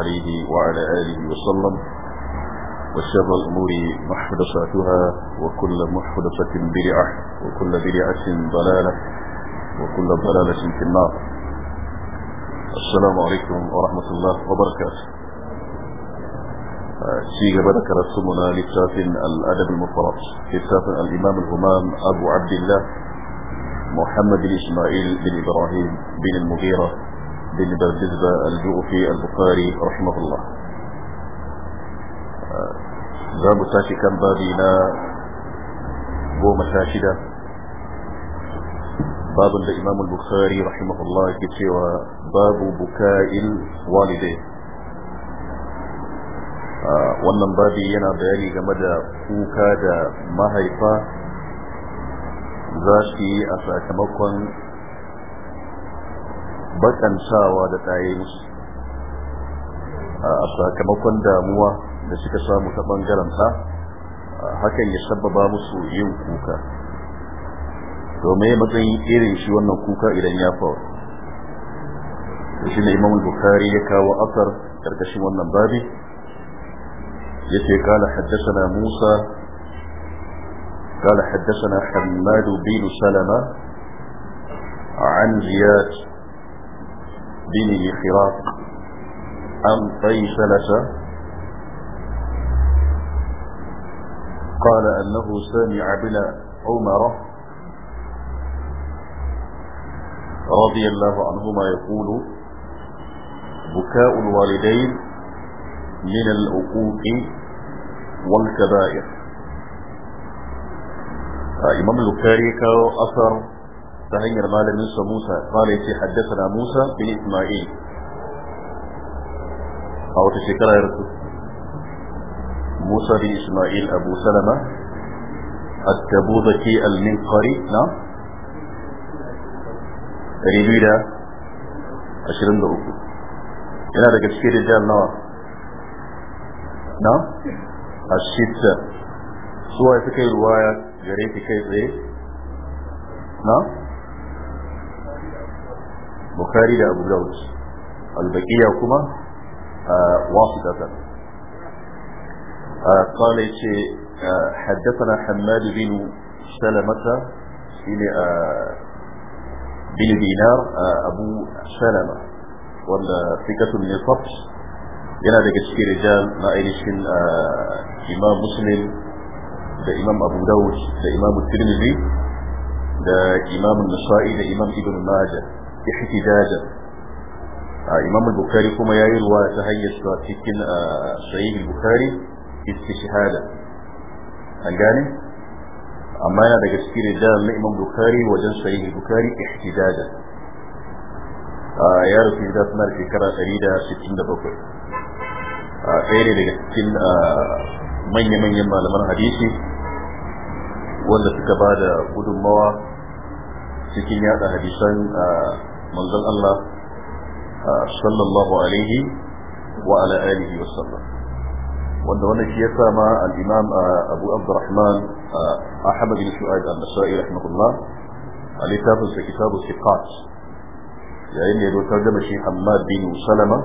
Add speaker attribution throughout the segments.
Speaker 1: عليه وعلى آله وسلم وشر الأمور محدثاتها وكل محدثة برعة وكل برعة ضلالة وكل ضلالة في النار السلام عليكم ورحمة الله وبركاته شيء بدك رسمنا لكتاب الأدب المفرد كتاب الإمام الهمام أبو عبد الله محمد بن إسماعيل بن إبراهيم بن المغيرة بن بردزبة الجوفي البخاري رحمه الله زام ساشي كان بابينا قوم شاشدة باب الإمام البخاري رحمه الله كتوى باب بكاء الوالدين wannan babi yana bayani game da kuka da mahaifa za su yi a sakamakon bakansawa da tayayensu a sakamakon damuwa da suka samu ta bangaren sa hakan ya sababa musu yin kuka domin matsayin irin shi wannan kuka idan ya faru shi ne imam bukhari ya kawo asar karkashin wannan babi yace kala haddathana musa kala haddathana hammad bin salama عن زياد دينه خراق أم قيسلة قال أنه سمع بن عمر رضي الله عنهما يقول بكاء الوالدين من العقوق والكبائر الإمام آه، البخاري كان أثر تهنير المال موسى موسى قال يتي حدثنا موسى بن إسماعيل أو تشكر رسول موسى بن إسماعيل أبو سلمة التبوذكي المنقري نعم ريبيدا دا أشرين دا أكو إنا دا كتشكير رجال نوع نعم الشيطة سواء تكي رواية جريتي كيف إيه نعم bukhari da abu daud albaqiya kuma wasita qala yace haddathana hamad bin salamata ila bin dinar abu salama wanda fikatu ne fafs yana daga cikin rijal na imam muslim da imam abu daud da imam tirmidhi da imam an-nasa'i da imam ibn majah ihtijajan imam bukhari kuma yayi ruwa ta hanyar sa cikin sahih bukhari istishhada an gane amma yana daga cikin rijalan na imam bukhari wajen sahih bukhari ihtijajan ya rufe da sanar shekara 167 ɗaya ne daga cikin manya-manyan malaman hadisi wanda suka ba da gudunmawa cikin yada hadisan من منزل الله صلى الله عليه وعلى آله وسلم وأن وانا كيسا مع الإمام أبو عبد الرحمن أحمد بن سعيد النسائي رحمه الله عليه كتاب في كتاب الثقات يعني يدو ترجم شيء حماد بن سلمة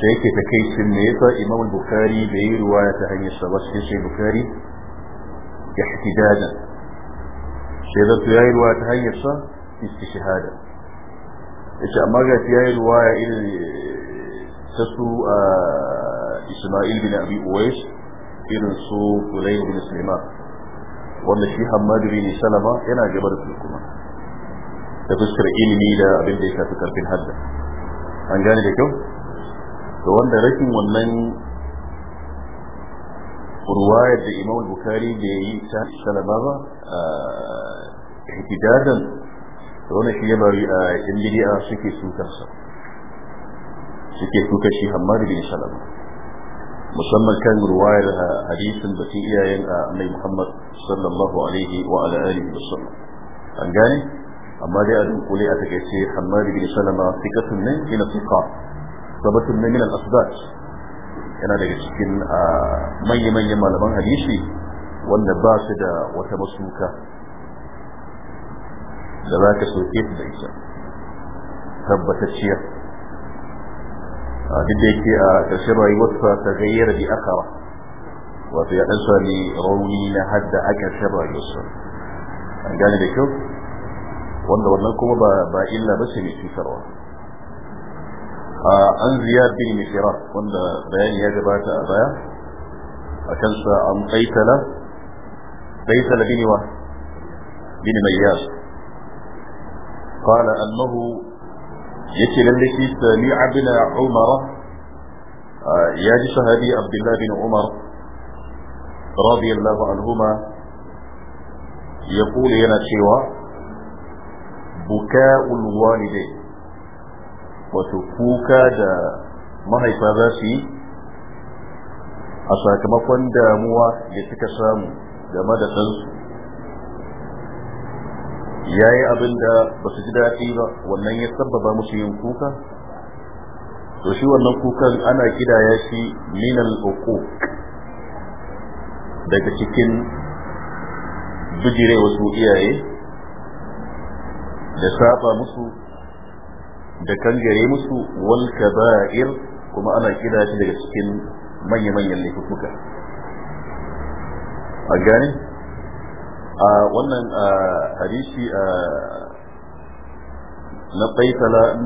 Speaker 1: شيك تكيس ميتا إمام البخاري بي رواية هنية سواس شيء البخاري احتجاجا شيء ذات رواية هنية استشهادا yace amma ga ya yi ruwaya irin ta su a Isma'il bin Abi Uwais irin su Fulayh bin wanda shi Hammad bin Salama yana gaba da su kuma da fuskar ilimi da abin da ya shafi karfin hadda an gane da kyau to wanda rashin wannan ruwayar da Imam Bukhari da yi ta Salama ba ihtidadan da wannan shi ya bari a yan bid'a suke sukar sa suke sukar shi Hammad bin Salama musamman kan ruwayar hadisin da ke iyayen Annabi Muhammad sallallahu alaihi wa ala alihi wasallam an gane amma dai a dunkule a takaice Hammad bin Salama fiqatun ne ina fiqa sabatun ne min al-asbat yana daga cikin manya-manyan malaman hadisi wanda ba su da wata masuka da za ka soke su da ita tabbatacciya duk da yake a ƙarshen rayuwarsa ta gayyara bi akawa wato ya ɗan sami rauni na hadda a ƙarshen rayuwarsa an gane da kyau wanda wannan kuma ba illa ba ce mai cutarwa an ziyar bin mishira wanda bayani ya gabata a baya a kansa an tsaitala tsaitala bin wa bin mai yasa قال أنه يكلم لك سميع بن عمر يا صحابي عبد الله بن عمر رضي الله عنهما يقول هنا شيوا بكاء الوالدين وتفوكا دا ما هي a sakamakon damuwa da suka samu game da ɗansu ya yi abin da ba su ji daɗi ba wannan ya sabbaba musu yin kuka to shi wannan kukan ana kidaya shi minal uku daga cikin bijire wasu iyaye da saba musu da kangare musu wal kaba'ir kuma ana kida shi daga cikin manya-manyan laifuka a gane a wannan hadisi na baitala in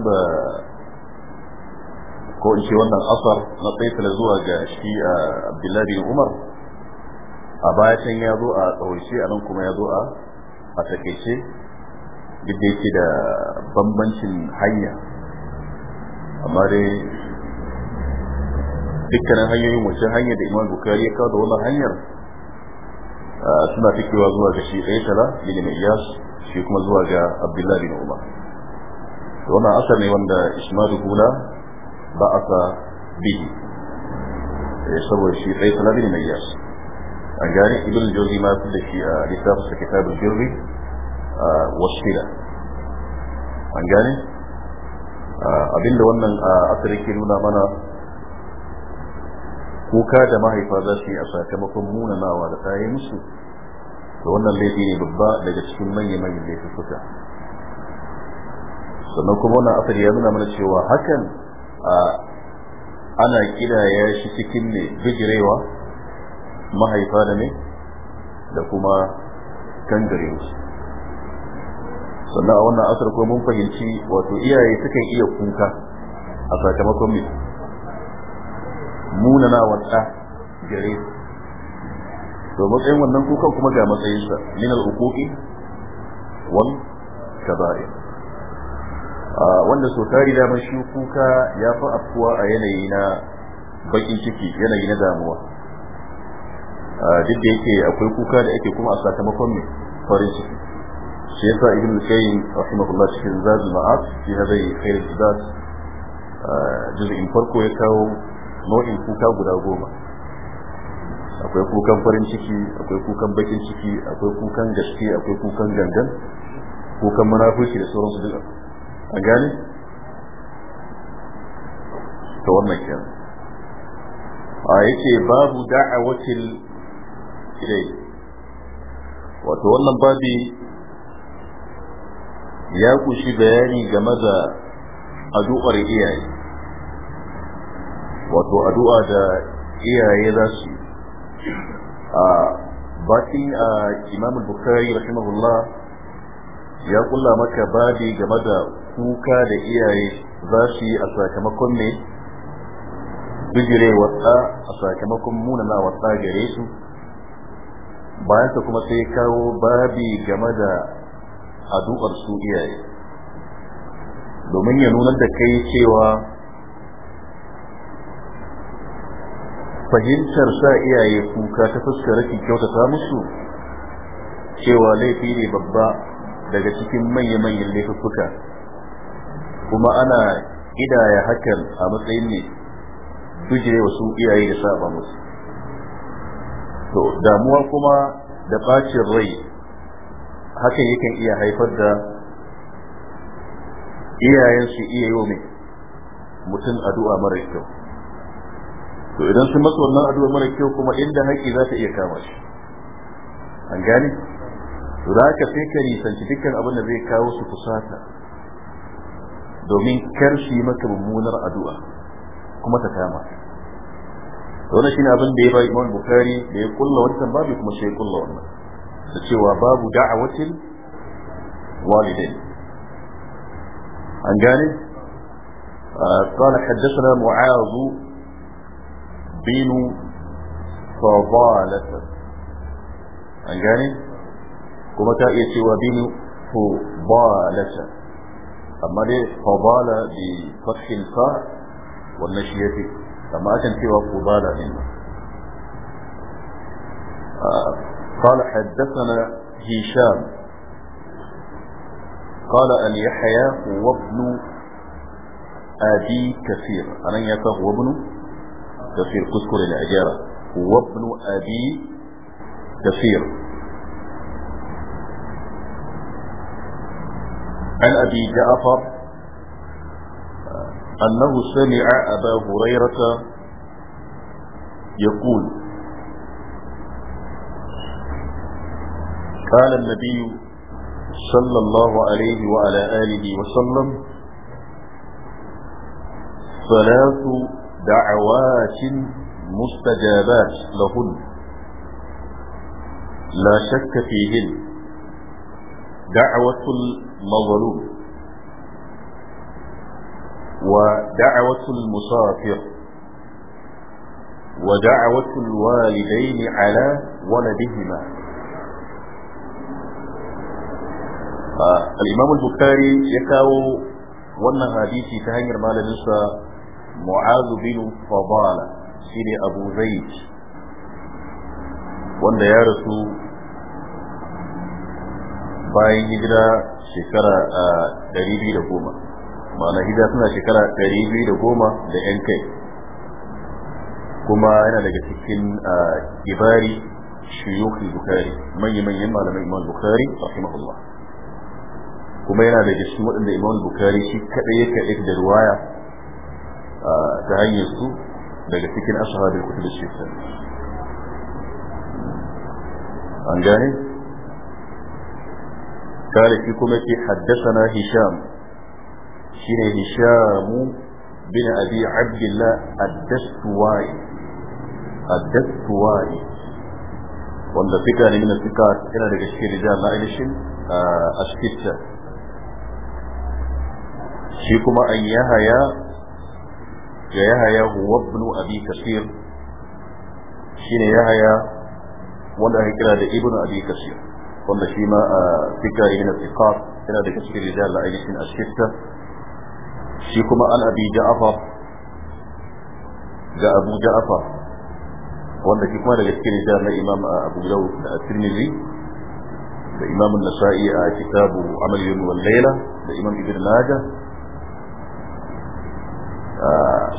Speaker 1: ko in ce wannan asar na baitala zuwa ga shi abdullahi umar a baya can ya zo a tsawaice a nan kuma ya zo a a takaice duk da yake da bambancin hanya amma dai dukkanin hanyoyin wacce hanyar da imam bukari ya kawo da wannan hanyar suna fikewa zuwa ga shi ɗaya tala bin Iyas shi kuma zuwa ga Abdullahi bin Umar wannan asar ne wanda Ismailu Kula ba asa bihi saboda shi ɗaya tala bin Iyas an gane Ibn Jawzi ma su da shi a littafin sa kitabul Jirri wasila an gane abinda wannan asirin yake nuna mana kuka da mahaifa za su yi a sakamakon munanawa da kayan musu da wannan laifi ne babba daga cikin manya-manyan laifuka sannan kuma wannan asali ya nuna mana cewa hakan ana kidaya shi cikin ne bijirewa mahaifa da ne da kuma kangare sannan a wannan asar kuma mun fahimci wato iyaye sukan iya kuka a sakamakon mai munana wadda gare to matsayin wannan kukan kuma ga matsayinsa min al-uquqi wal kaba'ir wanda so tari da shi kuka ya fi afkuwa a yanayi na bakin ciki yanayi na damuwa duk da yake akwai kuka da ake kuma a sakamakon mai farin ciki shi ya yasa ibn al-qayyim rahimahullah cikin zazul ma'at fi hadai khair al Zazu. juz'in farko ya kawo nau'in kuka guda goma akwai kukan farin ciki akwai kukan bakin ciki akwai kukan gaske akwai kukan gangan kukan munafurci da sauransu duka. A gani? ta wannan kyan a yake babu da'awacin ilai wato wannan babi ya kushi bayani game da addu'ar iyaye wato addu'a da iyaye za su a bakin a imamul bukhari rahimahullah ya kulla maka babi game da kuka da iyaye za su yi a sakamakon ne bijire wasa a sakamakon munana wasa gare su bayan ta kuma sai kawo babi game da addu'ar su iyaye domin ya nuna da kai cewa fahimtar sa iyaye kuka ta fuskar kyautata musu cewa laifi ne babba daga cikin manya-manyan laifuffuka kuma ana idaya hakan a matsayin ne bujire wasu iyaye da saba musu to damuwa kuma da bacin rai hakan yakan iya haifar da iyayen iya yi wa mutum addu'a mara kyau to idan sun masa wannan addu'a mara kyau kuma inda haƙi za ta iya kama shi an gane to da haka sai ka nisanci dukkan abin da zai kawo su kusata domin kar shi maka mummunar addu'a kuma ta kama to wannan shine abin da ya ba Imam Bukhari da ya kulla wannan babu kuma sai ya kulla wannan da cewa babu da'awatil walidain an gane قال حدثنا معاذ بينو فضالة أنجاني كما تا يتوى فضالة أما دي فضالة بفتح الفاء والنشية أما أتن توى فضالة هنا آه، قال حدثنا هشام قال أن يحيى هو ابن أبي كثير أن يحيى هو وابن كثير kuskure الى اجاره وابن ابي كثير عن ابي جعفر أنه سمع أبا هريرة يقول قال النبي صلى الله عليه وعلى آله وسلم ثلاث دعوات مستجابات لهن لا شك فيهن دعوة المظلوم ودعوة المسافر ودعوة الوالدين على ولدهما آه، الإمام البخاري يكاو هذه في تهنير مال النساء mu'azu bin fadala shine abu zaid wanda ya rasu bayan hijira shekara a goma, ma'ana hijira suna shekara dari biyu da goma da yan kai kuma yana daga cikin ibari shuyukh bukari, manya-manyan malamin imam bukhari rahimahullah kuma yana daga cikin waɗanda imam bukari shi kaɗai ya kaɗai da ruwaya تعينته بقى تكن أشهر الكتب الستة عن جاهز قال فيكم حدثنا هشام شين هشام بن أبي عبد الله الدستواي الدستواي وأن فكرة من الفكرات إلى ذلك الشيء رجال لأيشن أشكتة آه، شيكما أيها يا da yahaya huwa ibn abi kasir shine yahaya wanda ake kira da ibn abi kasir wanda shi ma a fikari yana fikar yana da cikin rijal da ainihin ashitta shi kuma an abi ja'afar ga abu ja'afar wanda shi kuma daga cikin da na imam abu dawud da at-tirmidhi da imam an-nasa'i a kitabu amal yawm wal layla da imam ibn majah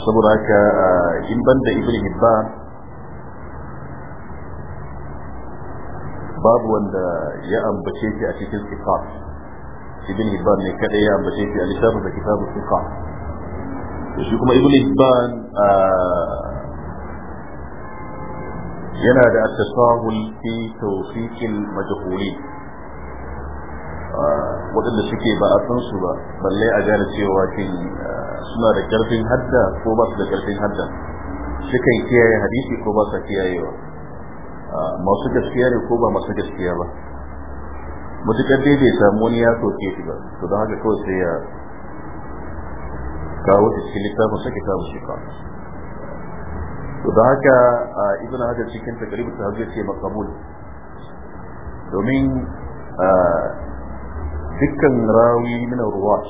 Speaker 1: saboda haka eh, in banda ibn hibban babu wanda ya ambace shi a cikin sifat ibn hibban ne kadai ya ambace shi a littafin da kitabu sifat shi kuma ibn hibban eh, yana da at fi tawfiq majhulin waɗanda suke ba a san su ba balle a gane cewa shin ah, suna da ƙarfin hadda ko ba su da ƙarfin hadda sukan kiyaye hadisi ko ba su kiyayewa ah, masu gaskiya ne ko ba masu gaskiya ba mutukar dai bai samu wani ya soke shi ba to don haka kawai sai ya kawo shi cikin littafin kawo shi shifa to don haka ah, izina hajar cikin takaribu ta ce makamul domin dukkan rawi min ruwas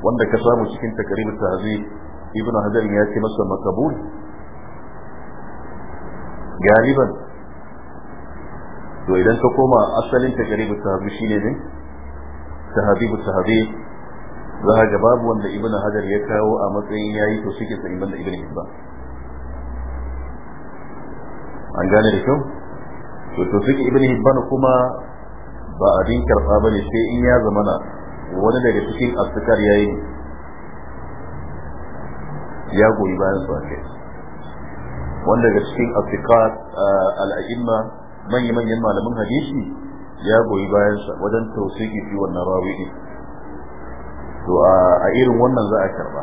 Speaker 1: wanda ka samu cikin takaribin tazi ibn hajar ya ce masa makabul galiban to idan ka koma asalin takaribin tazi shine ne tahabibu tahabi za ka ga babu wanda ibn hajar ya kawo a matsayin yayi to suke sa ibn ibn hibban an gane da kyau to to suke ibn hibban kuma ba abin karfa ba ne sai in ya zamana wani daga cikin asukar ya yi ya goyi bayan su ake wani daga cikin asukar al'a'imma manya-manyan malamin hadisi ya goyi bayan sa wajen tausiki fi wannan rawi to a irin wannan za a karba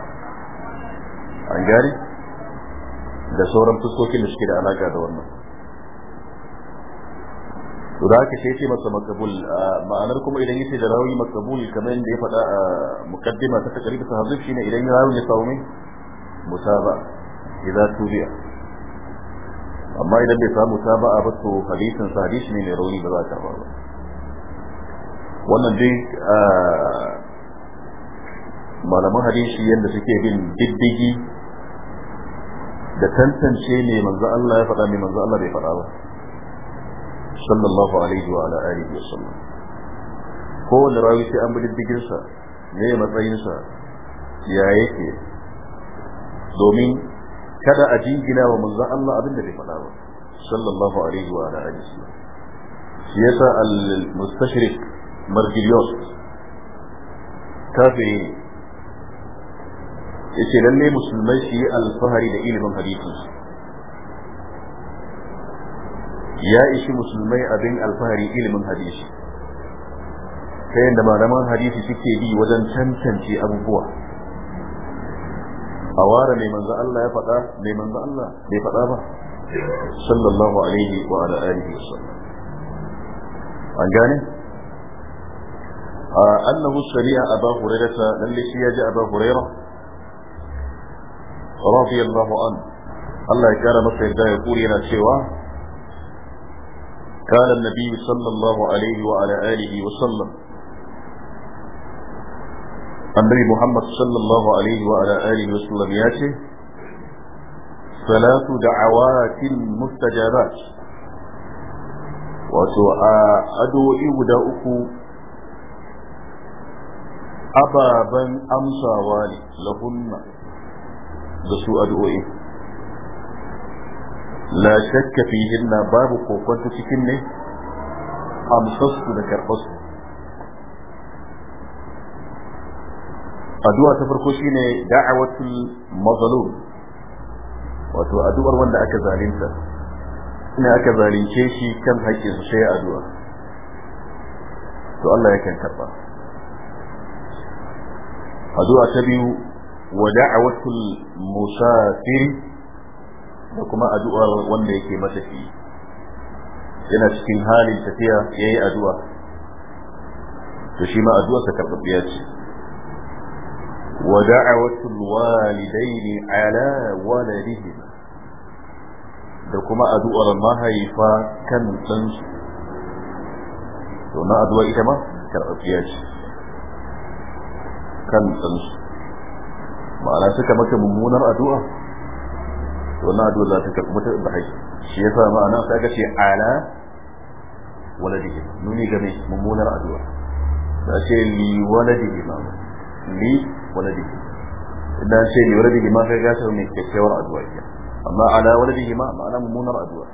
Speaker 1: an gari da sauran fuskokin da suke da alaka da wannan to da haka sai ce masa makabul ma'anar kuma idan yace da rawi makabul kamar yadda ya faɗa a muqaddima ta takrib ta hadith shine idan rawi ya samu musaba idza tubiya amma idan bai samu musaba ba to hadithin sa hadith ne mai rauni ba za ta ba wannan dai malaman hadisi yadda suke bin diddigi da tantance ne manzo Allah ya faɗa ne manzo Allah bai faɗa ba sallallahu alaihi wa ala alihi wa sallam kowane rawi sai an bi diddigin sa ne matsayin sa ya yake domin kada a jingina wa manzon Allah abin da bai faɗa ba sallallahu alaihi wa ala alihi wa sallam shi yasa al-mustashrik marjiliyos kafiri yace lalle musulmai su yi alfahari da ilimin hadisi ya ishi musulmai abin alfahari ilimin hadisi ta yadda malaman hadisi suke bi wajen tantance abubuwa a ware mai manzo Allah ya faɗa mai manzo Allah bai faɗa ba sallallahu alaihi wa ala alihi wasallam an gane annahu shari'a aba hurairata lalle shi ya ji aba huraira radiyallahu an Allah ya kara masa yadda ya kuri yana cewa قال النبي صلى الله عليه وعلى آله وسلم النبي محمد صلى الله عليه وعلى آله وسلم ياتي ثلاث دعوات مستجابات wato a addu'o'i guda uku ababen amsawa ne lahunna da su addu'o'i la shakka fihinna babu kokonto cikin ne amsassu da karɓarsu addu'a ta farko shi shine da'awatul mazlum wato addu'ar wanda aka zalunta ina aka zalunce shi kan haƙƙinsa sai addu'a to Allah yakan karɓa addu'a ta biyu wa da'awatul musafir da kuma addu'ar wanda yake mata shi yana cikin halin tafiya ya yi addu'a to shi ma addu'ar ta karɓaɓɓiya ce wa da'awatul walidaini ala waladihima da kuma addu'ar mahaifa kan ɗansu to na addu'a ita ma karɓaɓɓiya ce kan ɗansu ma'ana suka maka mummunar addu'a wannan addu'a za ta karɓi mutum da haƙƙi shi yasa ma'ana sai ka ce ala waladihi nuni game mummunar addu'a za ce li waladihi ma li waladihi idan ce li waladihi ma kai gasar mai kyakkyawar addu'a ke amma ala waladihi ma ma'ana mummunar addu'a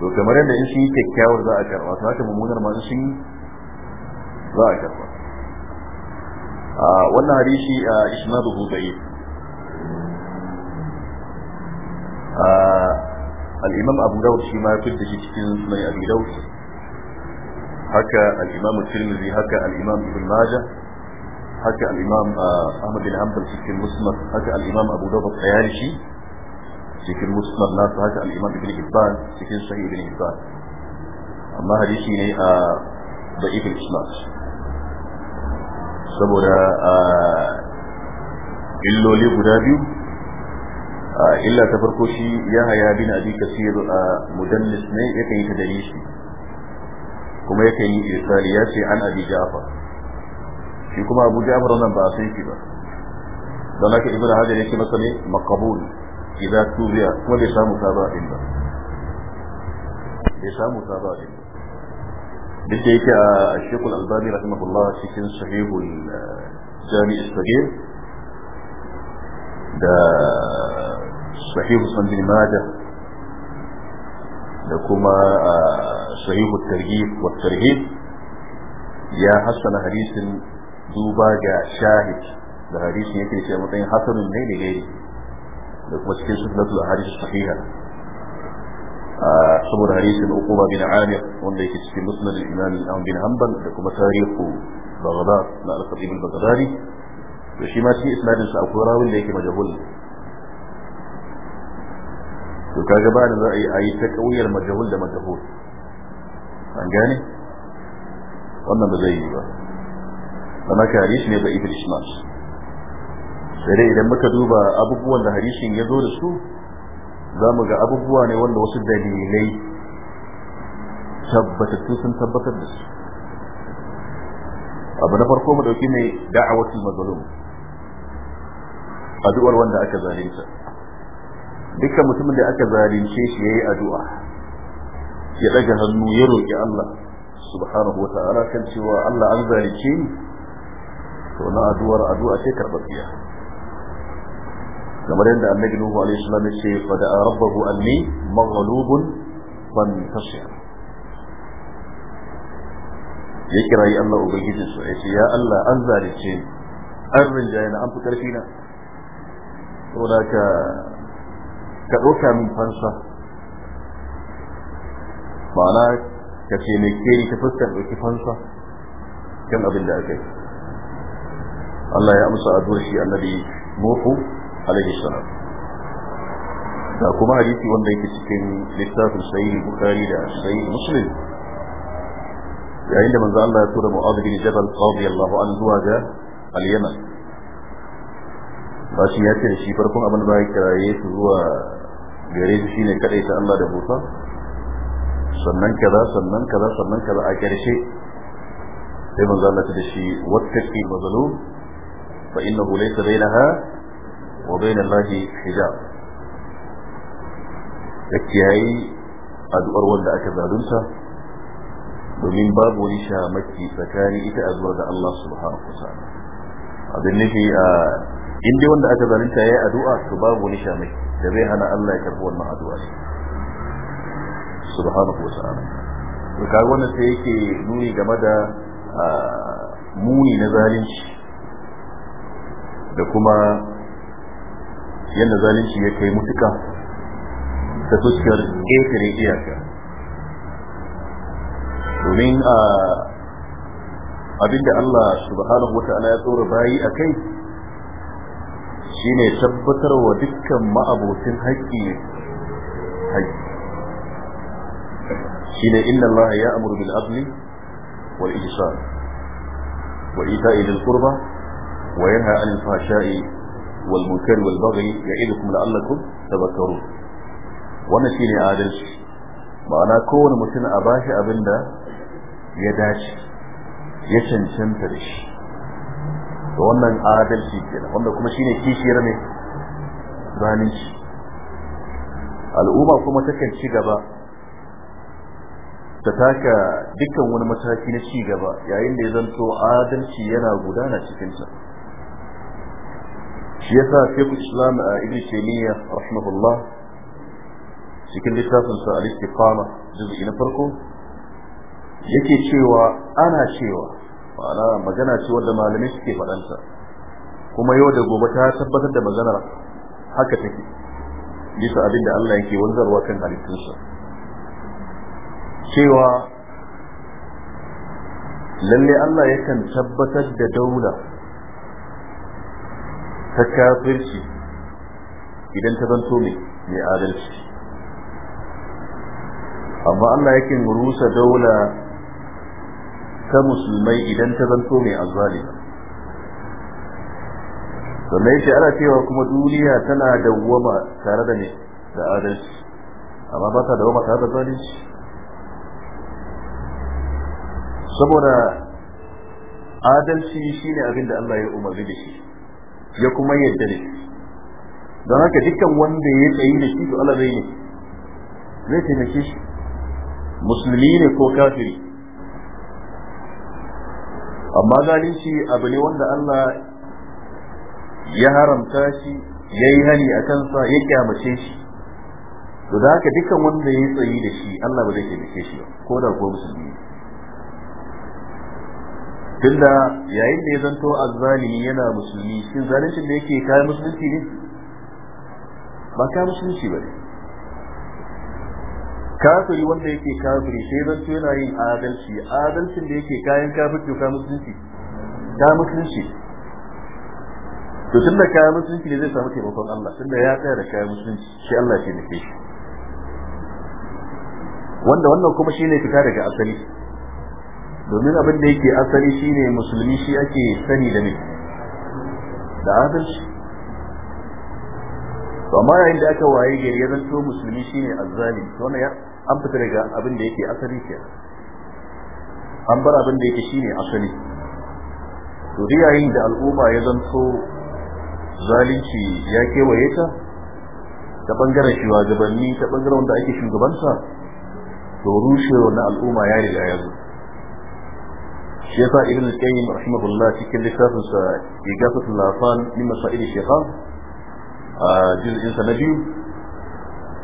Speaker 1: to kamar yadda in shi kyakkyawar za a karɓa to haka mummunar ma shi za a karɓa wannan hadisi isnaduhu da'if al-imam abu dawud shi ma ya fitta shi cikin sunan abu haka al-imam haka al-imam haka al ahmad bin hanbal cikin musnad haka al abu dawud al-qayyashi cikin musnad nasu haka al ibn cikin ibn amma hadisi ne a da'if al saboda illoli guda biyu illa ta farko shi ya haya bin abi kasir a mudallis ne yakan yi ta dare shi kuma yakan yi irsali ya ce an abi ja'far shi kuma abu ja'far wannan ba a san shi ba don haka ibnu hajar yake masa ne maqbul idza tubiya kuma bai samu saba din ba bai samu saba din duk da yake a shekul albani rahimahullah cikin sahihul jami'is sagir da sahihu sun bin mada da kuma sahihu targhib wa tarhib ya hassana hadisin duba ga shahid da hadisin yake cewa matsayin hasanun ne da gairi da kuma cikin sunnatul ahadith sahiha saboda hadisin uquba bin amir wanda yake cikin musnad al-imam al bin hanbal da kuma tarihu baghdad na al-khatib al-baghdadi to shi ma cikin isnadin sa akwai rawin da yake majhul to kaga ba da za a yi a ta kauyar majahul da majahul an gane wannan ba zai yi ba dan haka hadisi ne da ibn ishmael sai idan muka duba abubuwan da hadisin ya zo da su zamu ga abubuwa ne wanda wasu dalilai tabbatattu sun tabbatar da su abu na farko mu dauki ne da'awatul mazlum addu'ar wanda aka zalunta dukkan mutumin da aka zalunce shi yayi addu'a ya daga hannu ya roki Allah subhanahu wa ta'ala kan cewa Allah an zalunce ni to na addu'ar addu'a ce karbabiya kamar yadda annabi nuhu alaihi salam ya ce fa da rabbahu anni maghlubun fantasir ya kirayi Allah ubangijin su ya ce ya Allah an zalunce ni an rinjaye na an fi karfi na saboda ka ka ɗauka min fansa ma'ana ka ce mai keri ta fuskar ɗauki fansa kan abin da aka yi Allah ya amsa addu'ar shi annabi Nuhu alaihi salam da kuma hadisi wanda yake cikin littafin sahih bukhari da sahih muslim yayin da manzo Allah ya tura Mu'adh bin Jabal radiyallahu anhu zuwa ga al-Yaman bashi ya ce shi farkon abin da ya kiraye su zuwa gare shi shine kadai ta Allah da bota sannan kaza sannan kaza sannan kaza a karshe sai manzo Allah da shi wattaqi mazlum fa innahu laysa bainaha wa bain Allah hijab yake yayi addu'ar wanda aka zalunta domin babu wani shamaki tsakanin ita addu'ar da Allah subhanahu wa ta'ala abin nufi a ah, in dai wanda aka zalunta yayi addu'a to babu wani shamai da zai hana Allah ya karbi wannan addu'a subhanahu wa ta'ala to kaga wannan sai yake nuni game da muni na zalunci da kuma yanda zalunci ya kai mutuka ta fuskar ƙetare iyaka domin abinda Allah subhanahu wa ta'ala ya tsoro bayi a kai Shi ne tabbatar wa dukkan ma'abotin haƙƙi Shi ne inda Allah ya amuru bil adli wal ihsan wa ita'i lil qurba wa yanha 'anil fahsha'i wal munkari wal baghi ya'idukum la'allakum tadhakkarun wannan shi shine adalci ma'ana kowane mutum a bashi abinda ya dace ya cancanta da shi to wannan adalci kenan wanda kuma shine kishiyar ne zalunci al'umma kuma takan ci gaba ta taka dukkan wani mataki na ci gaba yayin da ya zanto adalci yana gudana cikin ta shi yasa Sheikh Islam uh, Ibn Taymiyyah rahimahullah cikin littafin sa al-Istiqama juz'i na farko yake cewa ana cewa ma'ana magana ce wanda malamai suke faɗanta kuma yau da gobe ta tabbatar da maganar haka take bisa abin da Allah yake wanzarwa kan halittunsa cewa lalle Allah yakan tabbatar da daula ta kafirci idan ta zanto mai adalci amma Allah yakan rusa daula ta musulmai idan ta zanto mai azali. sannan yake ana cewa kuma duniya tana dawwama tare da ne da adalci amma ba ta dawwama tare da zalunci saboda adalci shine abin da Allah ya umarni da shi ya kuma yadda ne, don haka dukkan wanda ya tsayi da shi to Allah zai ne zai taimake shi musulmi ne ko kafiri amma zalunci abu ne wanda Allah ya haramta shi ya yi hani a kansa ya kyamace shi to da haka dukkan wanda ya yi tsayi da shi Allah ba zai ke shi ko da ko musulmi da yayin da ya zanto azzalimi yana musulmi shin zalincin da yake kayan musulunci ne ba kayan musulunci ba ne kafiri wanda yake kafiri sai zan to yana yin adalci adalcin da yake kayan kafirci ka musulunci ka musulunci to tunda kayan musulunci ne zai samu taimakon Allah tunda ya tsaya da kayan musulunci shi Allah ke taimake shi wanda wannan kuma shine fita daga asali domin abin da yake asali shine musulmi shi ake sani da ne da adalci to amma yayin da aka waye gari ya zanto musulmi shine azzalimi to wannan an fita daga abin da yake asali ke an bar abin da yake shine asali to duk yayin da al'umma ya zanto zalunci ya kewaye ta ta bangaren shugabanni ta bangaren wanda ake shugabansa to rushewar na al'umma ya riga ya zo shi yasa ibn al-qayyim rahimahullah cikin littafin sa igafatul lafan min masail shaykhan a juz'insa na biyu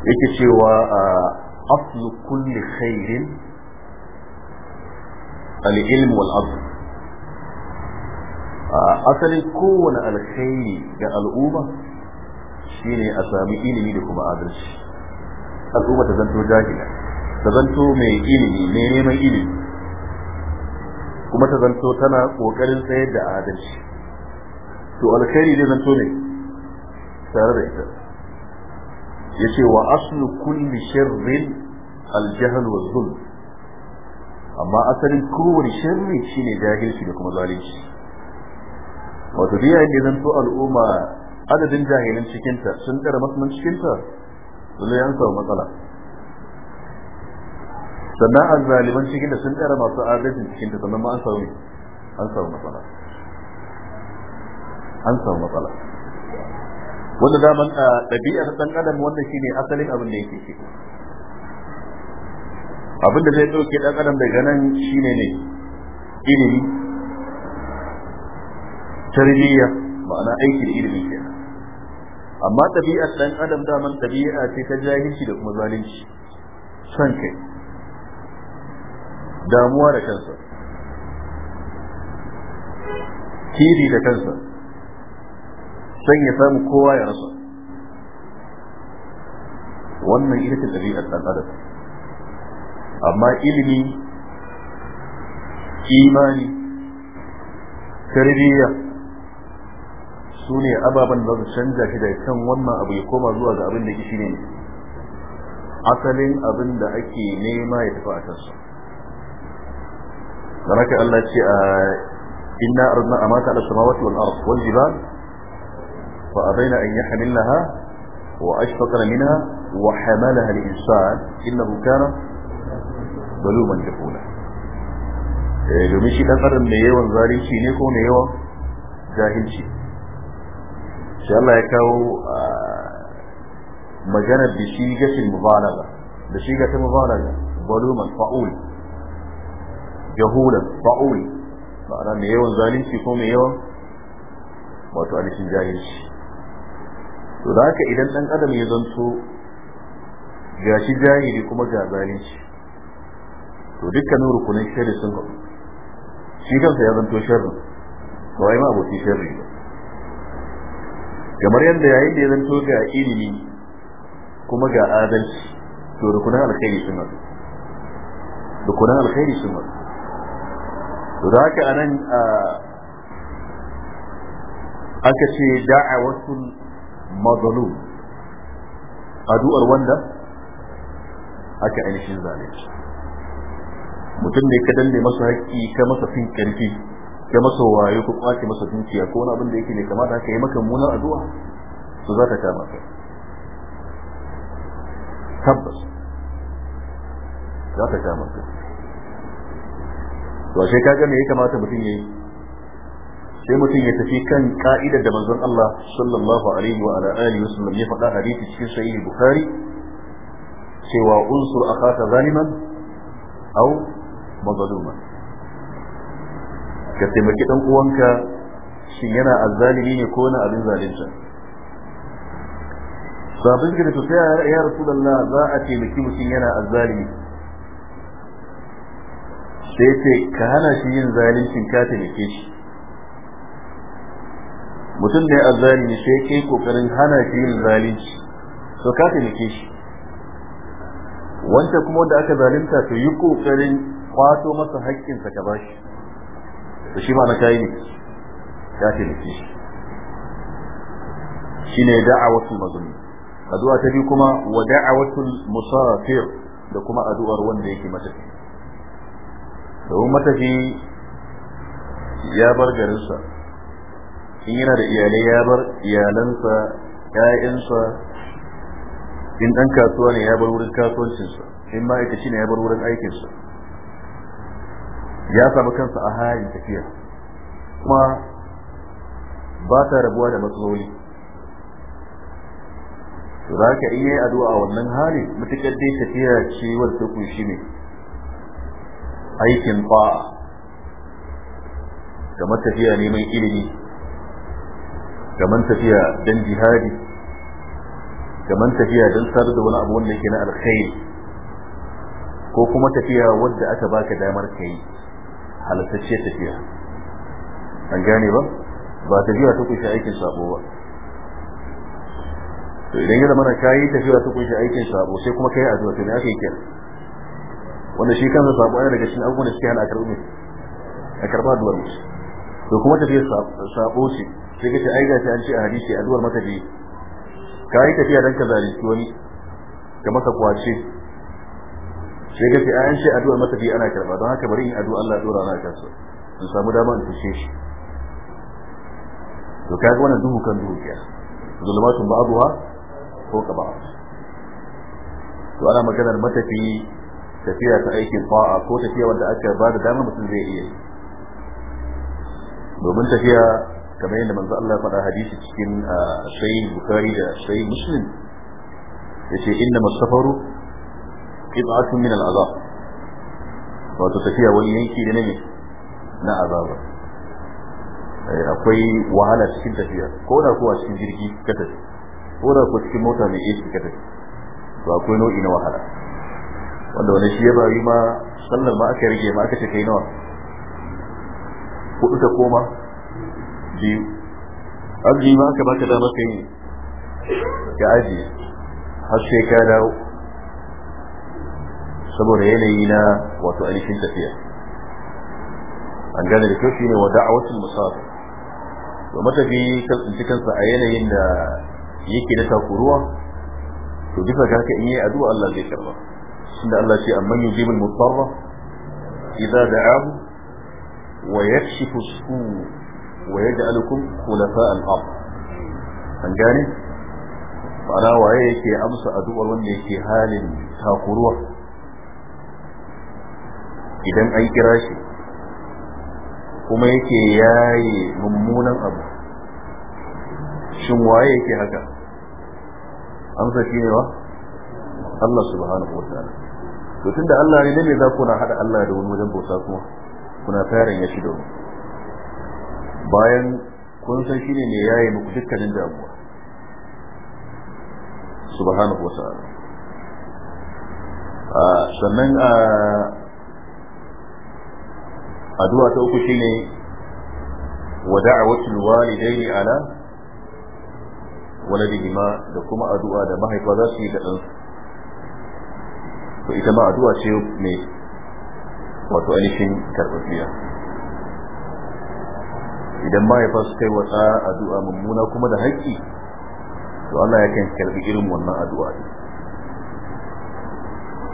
Speaker 1: yake cewa aslu kulli khairin al-ilm wal asalin kowane alkhairi ga al'umma shine a sami ilimi da kuma adalci al'umma ta zanto jahila ta zanto mai ilimi mai neman ilimi kuma ta zanto tana kokarin tsayar da adalci to alkhairi zai zanto ne tare da ita yace wa aslu kulli sharrin aljahl wa zulm amma asalin kowani sharri shine jahilci da kuma zalunci wato biya yadda zan to al'umma adadin jahilin cikin ta sun tsara cikin ta dole an samu matsala sannan an zaliman cikin da sun tsara masu adadin cikin ta sannan ma an samu an samu matsala an samu matsala wanda daman ɗabi'ar ɗan adam wanda shine asalin abin da yake ciki abin da zai ɗauke ɗan adam daga nan shine ne ilimi tarbiyya ma'ana aiki da ilimi kenan amma ɗabi'ar ɗan adam daman ɗabi'a ce ta jahilci da kuma zalunci son kai damuwa da kansa kiri da kansa san ya samu kowa ya rasa wannan ita ce ɗabi'ar ɗan amma ilimi imani tarbiyya su ne ababen da su canza shi da kan wannan abu ya koma zuwa ga abin da ke ne asalin abin da ake nema ya tafi a kansa da naka Allah ce a inna arzna amata ala samawati wal ard wal jibal فأبين أن يحملها وأشفق منها وحملها الإنسان إنه كان ظلوما جفولا لمشي إيه، أثر ميوى الظالم سينيكو ميوى جاهل شيء إن شاء الله يكاو آه، مجانا بشيجة المظالمة بشيجة المظالمة ظلوما فعول جهولا فعول معنى ميوى الظالم سينيكو ميوى وتؤلس جاهل شيء to da haka idan dan adam ya zanto ga shi jahili kuma ga zalunci to dukkanin rukunin shari sun haɗu shi kansa ya zanto sharri ba wai ma abokin sharri ba kamar yadda yayin da ya zanto ga ilimi kuma ga adalci to rukunin alkhairi sun haɗu rukunin alkhairi sun haɗu to da haka anan ah, aka ce da'awatul mazlum addu'ar wanda aka ainihin zalunci mutum ne ka danne masa haƙƙi ka masa fin ƙarfi ka masa wayo ko kwace masa dukiya ko wani abin da yake ne kamata ka yi maka munar addu'a to za ta kama ka tabbas za ta kama ka to ashe kaga me ya kamata mutum ya yi sai mutum ya tafi kan ka'idar da manzon Allah sallallahu alaihi wa ala alihi wasallam ya faɗa hadisi cikin sahih bukhari cewa unsur akhaka zaliman aw mazluman ka taimaki dan uwanka shin yana azzalimi ne ko na abin zalunta sabin da to sai ya rasulullah za a taimaki mutum yana azzalimi sai ce ka hana shi yin zalincin ka taimake shi mutum da ya ne sai kai kokarin hana shi yin zalunci to ka taimake shi wanda kuma da aka zalunta to yi kokarin kwato masa haƙƙinsa ka bashi to shi ma na kai ne ka taimake shi shine da'awatul mazlum addu'a ta biyu kuma wa da'awatul musafir da kuma addu'ar wanda yake matafi domin matafi ya bar garinsa in yana da iyalai ya bar iyalansa 'ya'yansa. in dan kasuwa ne ya bar wurin kasuwancinsa in ma'aikaci ne ya bar wurin aikinsa ya samu kansa a hayan tafiya kuma ba ta rabuwa da matsaloli za ka iya addu'a a wannan hali matuƙar dai tafiya ce wadda kunshi ne aikin ba kamar tafiya neman ilimi kamar tafiya dan jihadi kamar tafiya dan sar da wani abu wanda yake na alkhairi ko kuma tafiya wadda aka baka damar kai halattacce tafiya an gane ba ba tafiya ta kunshi aikin sabo ba to idan ya zama ka yi tafiya ta kunshi aikin sabo sai kuma kai addu'a to ne yi kira wanda shi kansa sabo yana daga cikin abubuwan da suke hana a karɓi a karɓa addu'ar musu to kuma tafiya sabo ce sai ka ce ai gashi an ce a hadisi a duwar je ka yi tafiya dan ka zalunci wani ka masa kwace sai ka ce ai an ce a duwar je ana karba don haka bari in addu'a Allah dora na kansa in samu dama in tushe shi to kaga wannan duhu kan duhu kiya zulumatun ba'dha ko ka ba to ana maganar matafi tafiya ta aikin fa'a ko tafiya wanda aka ba da damar mutum zai iya domin tafiya kamar yadda manzo Allah faɗa hadisi cikin ah, sai bukhari da sahih muslim yace inna masafaru qit'atun min azab. wato tafiya wani yanki ne ne na azab. Eh, akwai wahala cikin tafiya ko da kuwa cikin jirgi ka tafi ko da kuwa cikin mota mai AC ka tafi to akwai nau'i na wahala wanda wani shi ya bari ma sallar ma aka rage ma aka ce kai nawa Kuɗu ta koma biyu azumi ma ka baka dama kai ka aji har sai ka dawo saboda yanayi na wato ainihin tafiya an gane da kyau ne wa da'awatul musafir to matafi kan tsinci kansa a yanayin da yake na takuruwa to bisa ga haka in yi addu'a Allah zai karba tunda Allah ce amman yujibul mutarra idza da'ahu wa yakshifu su wa yaj'alukum khulafa al-ard an gane ma'ana waye yake amsa addu'ar wanda yake halin takuruwa idan an kira shi kuma yake yayi mummunan abu shin waye yake haka amsa shi ne wa Allah subhanahu wa ta'ala to tunda Allah ne ne za ku na hada Allah da wani wajen bauta kuma kuna tarin ya shi da bayan kun san shi ne ya yi muku dukkanin damuwa subhanahu wataala a sannan a addu'a ta uku shine wa da'awatul walidaini ala waladihima da kuma addu'a da mahaifa za su yi ga ɗansu to ita ma addu'a ce mai wato ainihin karɓaɓɓiya idan mahaifa su kai wa addu'a mummuna kuma da haƙƙi to Allah ya kan karbi irin wannan addu'a ne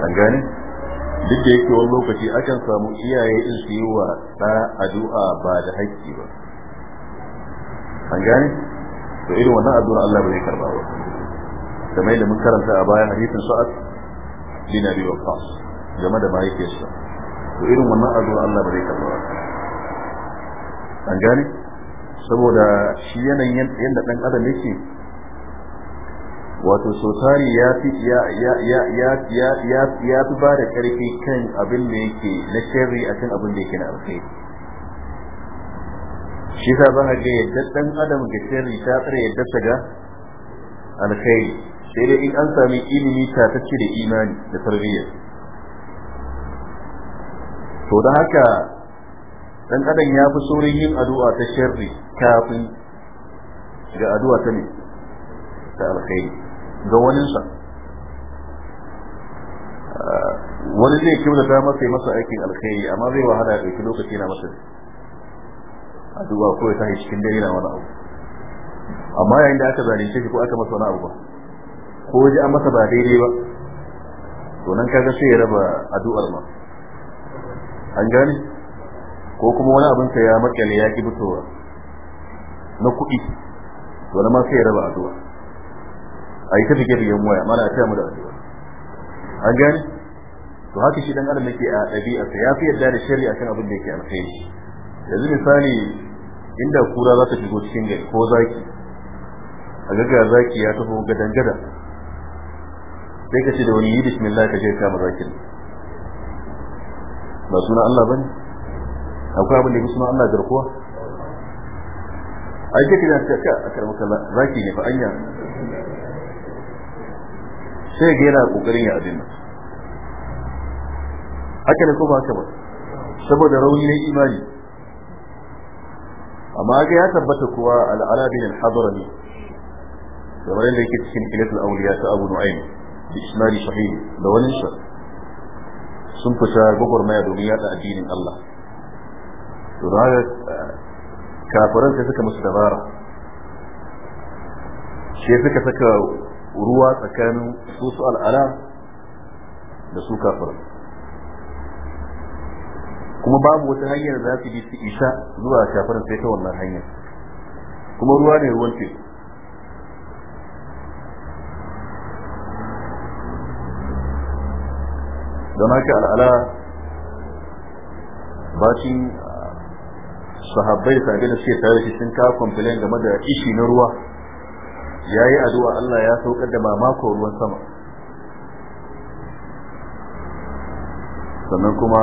Speaker 1: an gane duk da yake wani lokaci akan samu iyaye in su yi wa ɗa addu'a ba da haƙƙi ba an gane to irin wannan addu'ar Allah bai karba ba kamar da mun karanta a bayan hadisin sa'ad bin abi waqqas game da mahaifiyarsa to irin wannan addu'ar Allah bai karba ba an gane saboda shi yanayin yadda ɗan adam yake wato sosari ya fi ya ya ya fi ba da ƙarfi kan abin da yake na sharri a kan abin da yake na alkhairi shi ta ba ga yadda ɗan adam ga sharri ta tsare yadda ta ga alkhairi sai dai in an sami ilimi ta ta ce da imani da tarbiyya to da haka dan adam ya fi saurin yin addu'a ta sharri kafin ga addu'a ta ne ta alkhairi ga waninsa ah, wani zai kyautata masa yi masa aikin alkhairi amma zai wahala ya ɗauki lokaci na masa addu'a ko ta tashi cikin dare na wani abu amma yayin da aka zane shi ko aka masa wani abu ba ko ji an masa ba daidai ba to nan kaga sai ya raba addu'ar ma an gane ko kuma wani abin sa ya makale ya ki fitowa na kuɗi to na ma sai ya raba addu'a a yi ta dige da waya mana ta mu da addu'a an gane to haka shi dan adam yake a ɗabi'a sa ya fi yarda da shari'a kan abin da yake alkhairi yanzu misali inda kura za ta shigo cikin gari ko zaki a gaga zaki ya tafi gadan gadan sai ka ce da wani yi bismillah ka je ka mazakin ba suna Allah bane akwai abin da ya suna Allah garkuwa ai kake da ta ka a karamar kalla zaki ne fa anya sai ga yana kokarin ya abin haka ne ko ba haka ba saboda rauni na imani amma ga ya tabbata kuwa al'ala bin al-hadrami kamar yadda yake cikin kilatul awliya ta Abu Nu'aym bi isnadi sahih da wani sa sun fita maya domin yada addinin Allah to da eh, kafiran sai suka musu dabara shi suka saka ruwa tsakanin su su al'ala da su kafiran kuma babu wata hanyar za su bi su isa zuwa kafiran sai ta wannan hanyar kuma ruwa ne ruwan teku don haka al'ala bacin sahabbai da sahabbai da suke tare shi sun kawo complain game da ishi na ruwa yayi addu'a Allah ya saukar da mamako ruwan sama sannan kuma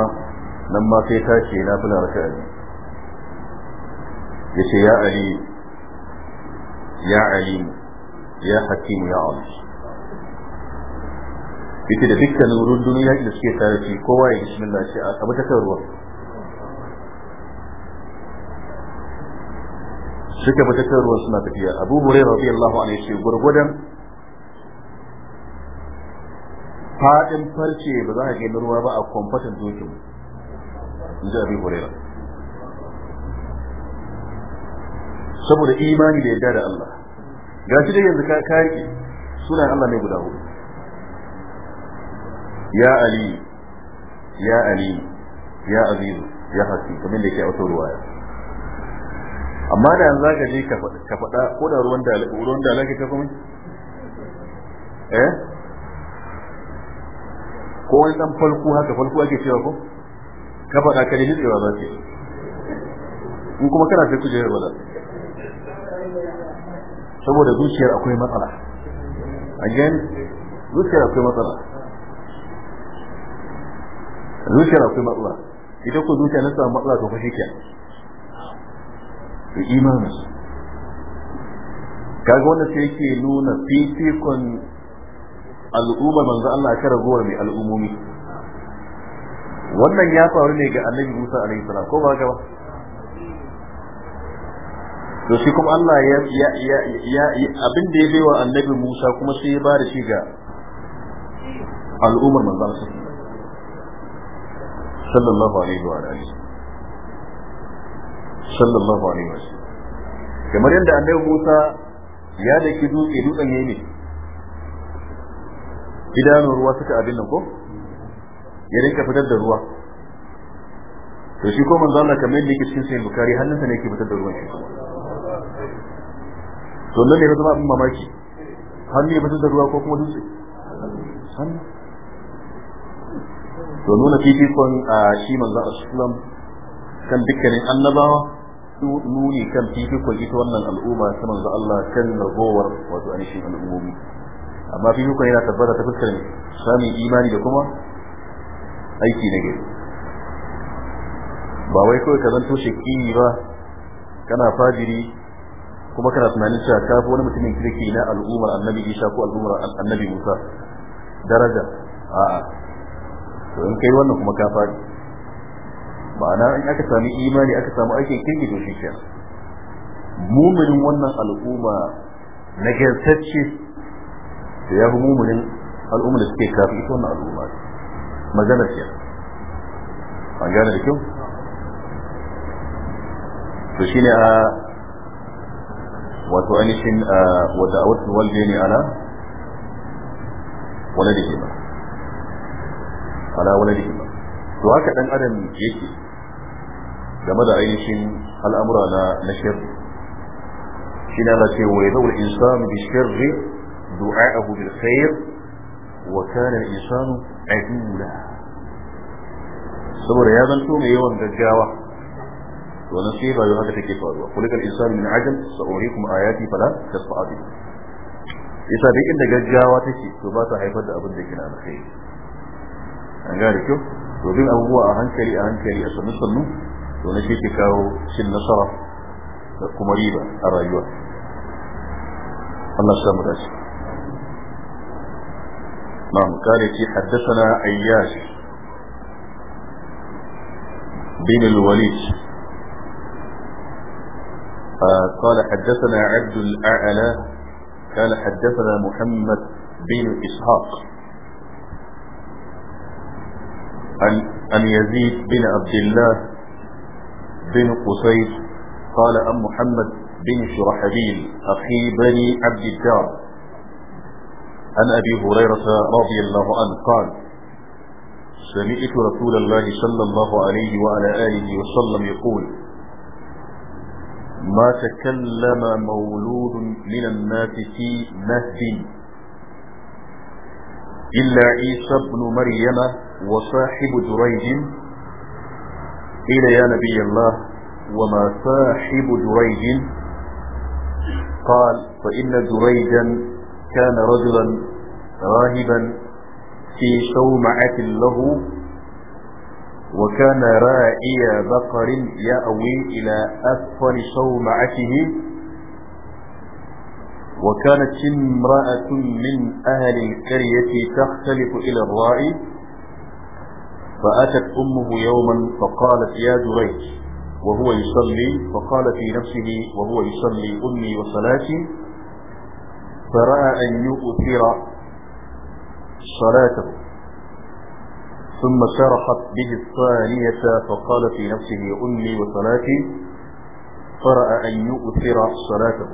Speaker 1: nan ma sai tashi na fula raka'a yace ya ali ya ali ya hakim ya ali yake da dukkanin rundunar yaƙi da suke tare shi kowa ya bismillah shi a tabbata ruwan suka fita kan ruwan suna tafiya abu hurairah radiyallahu anhu yace gurgudan fadin farce ba za a ga ruwa ba a kwamfatar dokin in ji abu hurairah saboda imani da yadda da Allah ga shi da yanzu ka kare suna Allah ne guda hudu ya ali ya ali ya azizu ya hakim kamar da yake a wata ruwaya amma da yanzu zaka je ka faɗa ko da ruwan da ruwan da lake ta kuma eh ko wani dan falku haka falku ake cewa ko ka faɗa ka rigi tsewa za ce in kuma kana sai kujerar ba za saboda zuciyar akwai matsala again zuciyar akwai matsala zuciyar akwai matsala idan ku zuciya na samu matsala to fa shikenan
Speaker 2: da imaninsu
Speaker 1: kaga wanda sai yake nuna fifikon al'umma manzo Allah ka raguwar mai al'umumi wannan ya faru ne ga annabi Musa alaihi salam ko ba ga ba to shi kuma Allah ya ya ya abin da ya baiwa annabi Musa kuma sai ya bada shi ga al'ummar manzo Allah sallallahu alaihi wa alihi sallallahu alaihi wasallam kamar yadda annabi Musa ya da ki dutse dutsen yayi ne idanun ruwa suka abin nan ko ya rinka fitar da ruwa to shi ko manzo Allah kamar yadda yake cikin sahih bukhari hannunsa ne yake fitar da ruwan shi to nan ne zama abin mamaki hannu ya fitar da ruwa ko kuma dutse hannu to nuna fifikon a ah, shi manzo Allah kan dukkanin annabawa nuni kan fifikon ita wannan al'umma ta manzo Allah kan ragowar wato ainihin al'ummomi amma fifikon yana tabbata ta fuskar samun imani da kuma aiki na gari ba wai kawai ka zanto shakki ba kana fajiri kuma kana tunanin cewa ka fi wani mutumin kirki na al'ummar annabi Isa ko al'ummar annabi Musa daraja a'a to in kai wannan kuma ka fadi ma'ana in aka sami imani aka samu aikin kirki to shi kenan muminin wannan al'umma na gertacce da ya fi muminin al'umma da suke kafin ita wannan al'umma magana ce an gane da kyau to ne a wato ainihin wadda a wata walbe ne ala wala da ba ala wala da ba to haka dan adam yake game da ainihin al'amura na na shirri shi na da cewa ya zaura insan bi shirri du'a'ahu bil khair wa kana insanu adula saboda ya zanto mai yawan gaggawa to nan sai ba yau haka take faruwa kulikal insanu min ajal sa'urikum ayati fala tasfa'u yasa duk inda gaggawa take to ba ta haifar da abin da yake na alkhairi an gane kyau to bin abubuwa a hankali a hankali a sannu sannu to na shi kawo cin nasara da kuma riba a rayuwa Allah ya samu dace na'am kare ki haddathana ayyash bin al-walid قال حدثنا عبد الأعلى قال حدثنا محمد بن إسحاق عن يزيد بن عبد الله بن قصيد قال أم محمد بن شرحبيل أخي بني عبد الدار عن أبي هريرة رضي الله عنه قال سمعت رسول الله صلى الله عليه وعلى آله وسلم يقول ما تكلم مولود من الناس في مهد إلا عيسى بن مريم وصاحب جريج قيل يا نبي الله وما صاحب جريج قال فإن جريجا كان رجلا راهبا في شومعة له وكان راعي بقر يأوي إلى أسفل شومعته وكانت امرأة من أهل القرية تختلف إلى الرائي فأتت أمه يوما فقالت يا دريد وهو يصلي فقال في نفسه وهو يصلي أمي وصلاتي فرأى أن يؤثر صلاته ثم شرحت به الثانية فقال في نفسه أمي وصلاتي فرأى أن يؤثر صلاته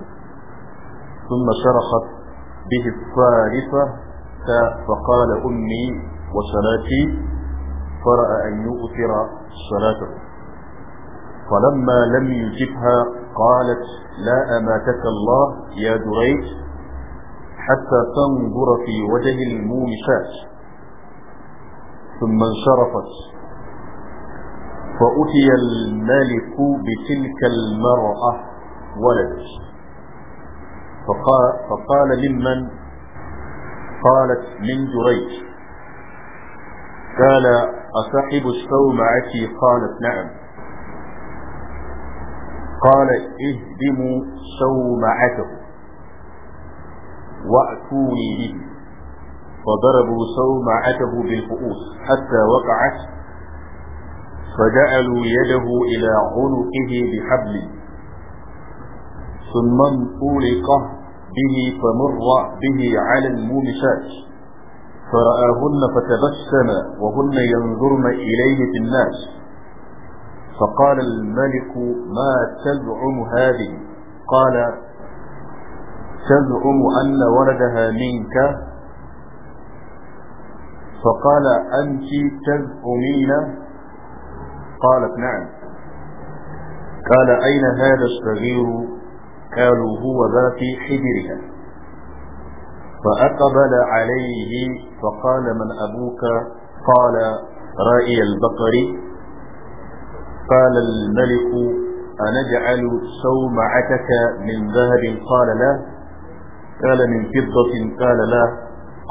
Speaker 1: ثم شرحت به الثالثة فقال أمي وصلاتي فرأى أن يؤثر صلاته فلما لم يجبها قالت لا أماتك الله يا دريد حتى تنظر في وجه المومسات ثم انصرفت فأتي الملك بتلك المرأة ولد فقال, فقال لمن قالت من دريد قال أصاحب الصومعة قالت نعم قال اهدموا صومعته وأتوني به فضربوا صومعته بالفؤوس حتى وقعت فجعلوا يده إلى عنقه بحبل ثم انطلق به فمر به على المومسات فرآهن فتبسم وهن ينظرن إليه في الناس فقال الملك ما تزعم هذه قال تزعم أن ولدها منك فقال أنت تزعمين قالت نعم قال أين هذا الصغير قالوا هو ذا في حجرها فأقبل عليه فقال من أبوك قال رأي البقر قال الملك أنجعل سومعتك من ذهب قال لا قال من فضة قال لا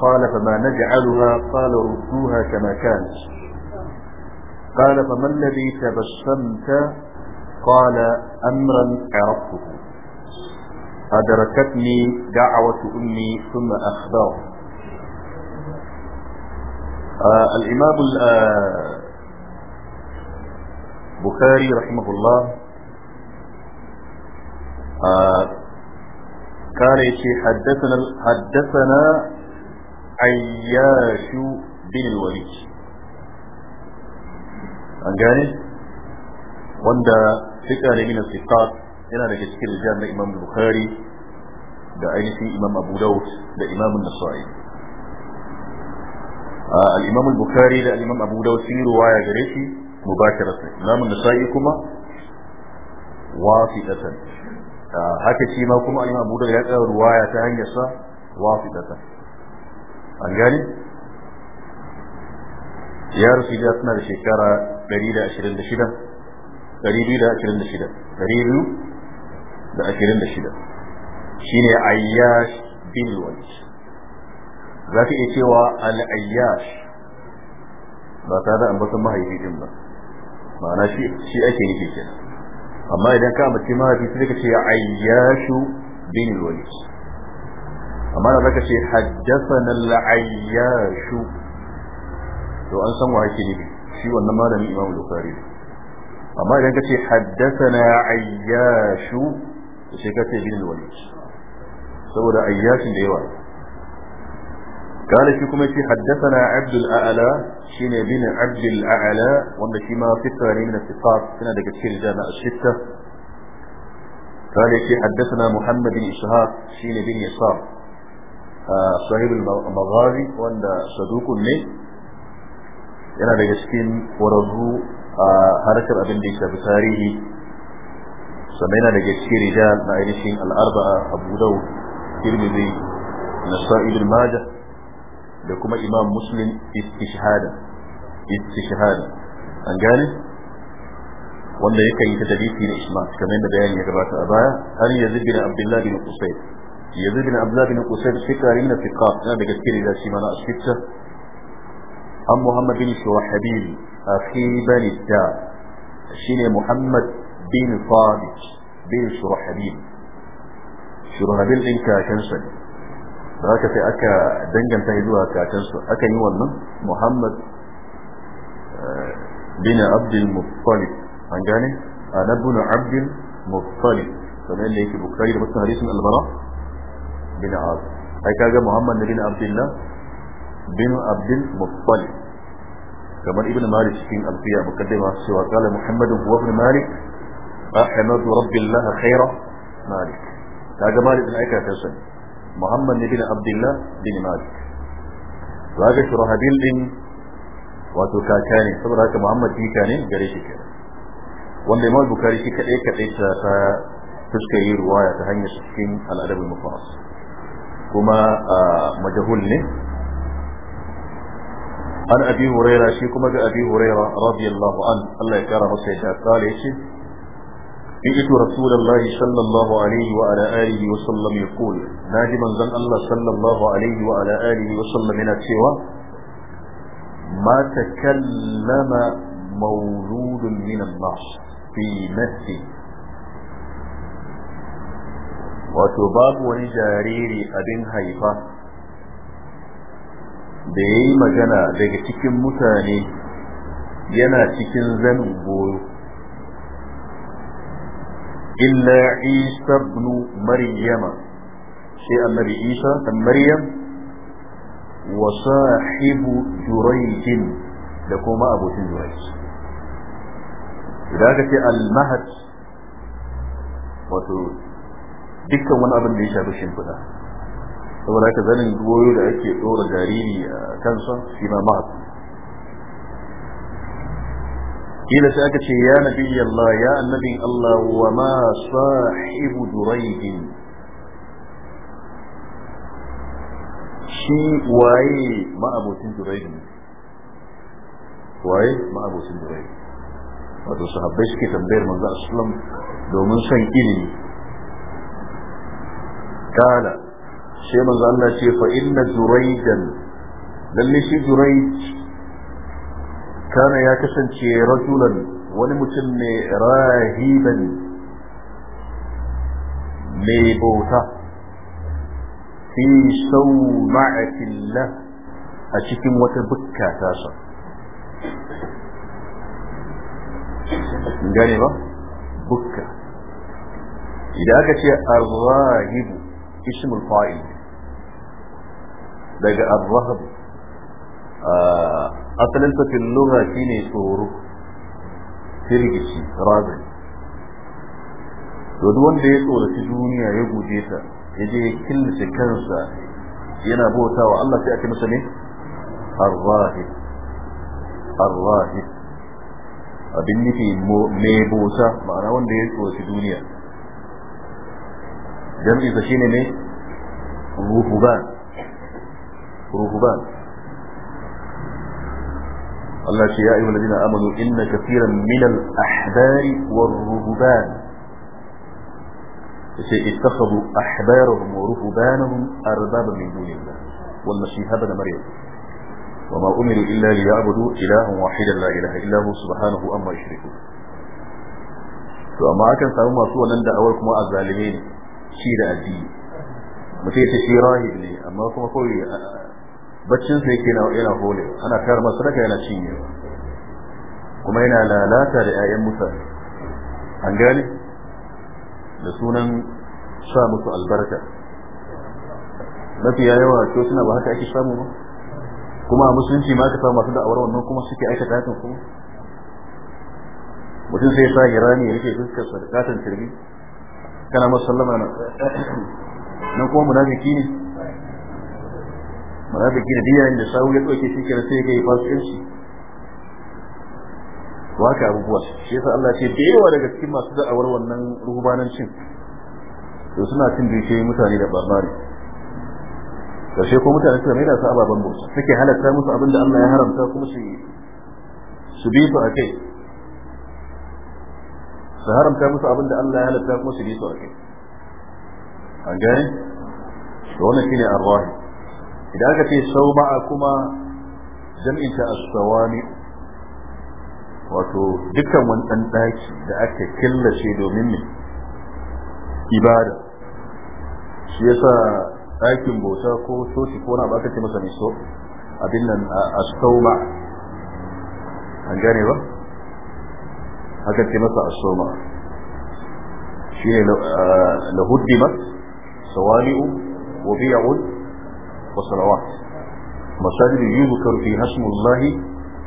Speaker 1: قال فما نجعلها قال ردوها كما كانت قال فما الذي تبسمت قال أمرا عرفته أدركتني دعوة أمي ثم أخبار آه الإمام البخاري آه، رحمه الله آه قال حدثنا حدثنا عياش بن الوليد an gane wanda من ne yana daga cikin rijal na imam bukhari da ainihin imam abu daud da imam nasa'i al-imam bukhari da al-imam abu daud sun ruwaya gare shi mubasharatan imam nasa'i kuma wafidatan haka shi ma kuma al-imam abu daud ya tsaya ruwaya ta hanyar sa wafidatan an gani ya rusu da tana da shekara 126 226 200 da ashirin da shida shi ne ayyash bin wani za ka iya cewa alayyash ba tare da ambaton mahaifi din ba ma'ana shi shi ake yi kenan amma idan ka ambaci mahaifi sai ka ce ayyashu bin wani amma da zaka ce haddathana al-ayyashu to an san wa ake nufi shi wannan malamin imam bukhari amma idan ka ce haddathana ayyashu sai ka ce bin saboda ayyashin da yawa قال فيكم شي حدثنا عبد الاعلى شين بن عبد الاعلى وان شي ما فكر من الثقات كنا دك كثير جامع الستة قال شي حدثنا محمد بن اسحاق شين بن يسار آه صاحب المغازي وان صدوق ne yana daga cikin wararru a ah, harkar abin da ya shafi tarihi سمعنا لجسكي رجال نائلشين الأربعة أبو دو كرمزي نسائل الماجة لكم إمام مسلم استشهادة استشهادة أن قال وأن يكا يتجدي في الإسماء كمين بيان يقرأت أبايا أن يذبنا عبد الله بن قصيد يذبنا عبد الله بن قصيد سكارين في قاب نعم بجسكي رجال سيمانا أشفتسة أم محمد بن شوحبيل أخي بن الدار شيني محمد بين صادق بين شرو حبيب شرو حبيب انت كان سن ذاك في اكا دنجن تايدو اكا كان سو اكا ني ونن محمد آه، بن عبد المطلب انجاني انا ابن عبد المطلب فمن ليك بكري بس حديث البراء بن عاص هاي كاجا محمد بن عبد الله بن عبد المطلب كما ابن مالك في الأنبياء مقدمة سوى قال محمد هو ابن مالك أحمد رب الله خيرا مالك هذا مالك بن عكا تسن محمد بن عبد الله بن مالك وهذا شرح بيل بن واتوكا كاني صبر هكا محمد بن كاني قريش كان وانبي مال بكاري شكا ايكا ايسا تشكي رواية تهني سكين الأدب المفرص كما آه، مجهول لي أن أبي هريرة شيكما أبي هريرة رضي الله عنه الله يكرمه سيدنا قال يشي سمعت رسول الله صلى الله عليه وعلى آله وسلم يقول ناجما زن الله صلى الله عليه وعلى آله وسلم من سوى ما تكلم مولود من الناس في نفسه wato babu wani jariri abin haifa da ya yi magana daga cikin mutane yana cikin zanin goyo illa isa ibn maryama sai annabi isa dan maryam wa sahibu jurayjin da kuma abokin jurayj idan aka ce al wato dukkan wani abin da ya shafi shimfiɗa saboda haka zanin goyo da ake ɗora jariri a kansa shi ma kila sai aka ce ya nabi Allah ya annabin Allah wa ma sahibu duraidin shi waye ma'abocin duraidin waye ma'abocin duraidin wato sahabbai suke tambayar manzo aslam domin son ilimi kala sai manzo Allah ce fa inna duraidan lalle shi duraid كان يا كسنتي رجلا ولمتم راهبا ميبوتا في سومعة الله أشكم وتبكى تاسا جانبا بكى إذا أكتش الراهب اسم الفائل بقى الرهب آه، asalin sa lura lugha shine tsoro firgici razani duk wanda ya tsoraci duniya ya guje ta ya je ya killace kansa yana bautawa Allah sai ake masa ne arwahid arwahid abin nufi mai bosa ma'ana wanda ya tsoraci duniya jam'i sa shine ne ruhuban ruhuban الله يا أيها الذين آمنوا إن كثيرا من الأحبار والرهبان اتخذوا أحبارهم ورهبانهم أربابا من دون الله والمسيح ابن مريم وما أمروا إلا ليعبدوا إله واحدا لا إله إلا هو سبحانه أما يشركوا فما كان سوى ما سوى نندى أولكم الظالمين شير الدين متى تشيراه إليه أما كما قولي baccin sa yake na yana hole ana kar masa daga yana cinye kuma yana lalata da ƴaƴan musa, an gane da sunan sa musu albarka mafiya yawa ko suna ba haka ake samu ba kuma a musulunci ma ka samu masu da'awar wannan kuma suke aikata hakan kuma mutum sai ya sa girani ya rike fuskar sadakatan kirgi kana masallama
Speaker 2: nan
Speaker 1: kuma munafiki ne munafiki da ke da sawu ya dauke shi kira sai ya yi fasikanci to haka abubuwa shi yasa Allah ce da yawa daga cikin masu da'awar wannan rubanancin. to suna cin dukiyoyin mutane da barbari karshe ko mutane suka da su ababen bursa suke halatta musu abin da Allah ya haramta kuma su su bi su a kai, su haramta musu abin da Allah ya halatta kuma su bi su a kai, an gane to wannan shine arwahi idan aka ce sauma'a kuma jam'in ta as-sawami wato dukkan wani dan daki da aka killace domin ne ibada shi yasa ɗakin bauta ko coci ko na baka ce masa ne so abin nan as-sawma an gane ba aka ce masa as-sawma shi ne eh, lahuddimat sawali'u wa bi'un وصلوات مساجد يذكر فيها اسم الله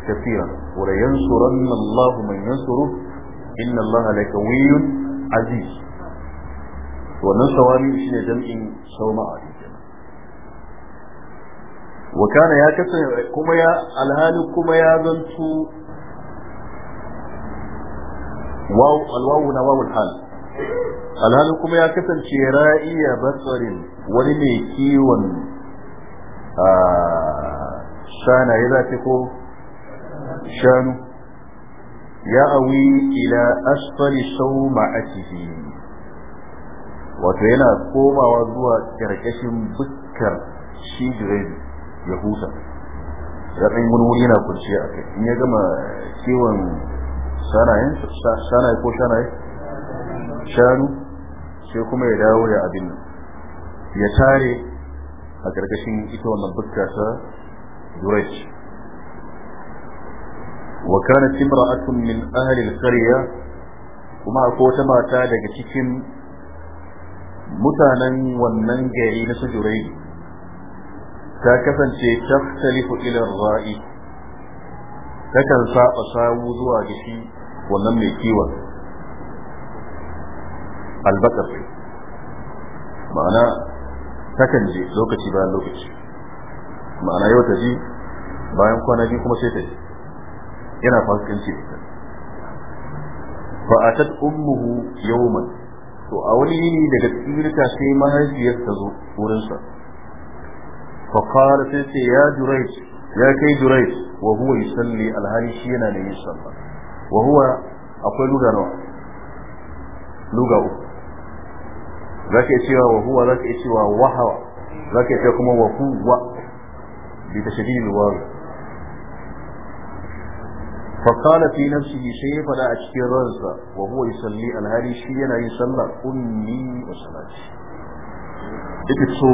Speaker 1: كثيرا ولينصرن الله من ينصره إن الله لقوي عزيز ونصواني شنو جمع سوما وكان يا كسر كما يا الهالي كما يا زنتو واو الواو نواو الحال الهالي كما يا كسر شرائي بصر ولمي كيوان shanaye za ta ko shanu ya awi ila asfali sau ma'akihi wato yana komawa zuwa karkashin bukkar shigirin ya huta ya ɗan wuri yana kurciya a kai in ya gama kiwon shanayen shanaye ko shanaye shanu sai kuma ya dawo ya abin ya tare a ƙarƙashin ita wannan fuska ta Quraysh wa kanat min ahli al-qarya kuma ko wata mata daga cikin mutanen wannan gari na su ta kasance taftalifu ila ra'i takan saba sawu zuwa ga shi wannan mai kiwon albakar ma'ana takan je lokaci bayan lokaci ma'ana yau ta ji bayan kwana biyu kuma sai ta ji yana fasikanci ita fa atat ummuhu yawman to a wani yini daga tsirka sai mahaifiyar ta zo wurin sa fa qala sai ce ya jurayj ya kai jurayj wa huwa yusalli alhali shi yana da yin sallah wa huwa akwai luga nawa luga uku za ka iya cewa wa huwa za ka iya cewa wahawa za ka iya cewa kuma wa huwa bi tashdidil waw fa qala fi nafsihi shay fada a cikin ransa wa huwa yusalli alhali shi yana yin sallah ummi wa salati yake so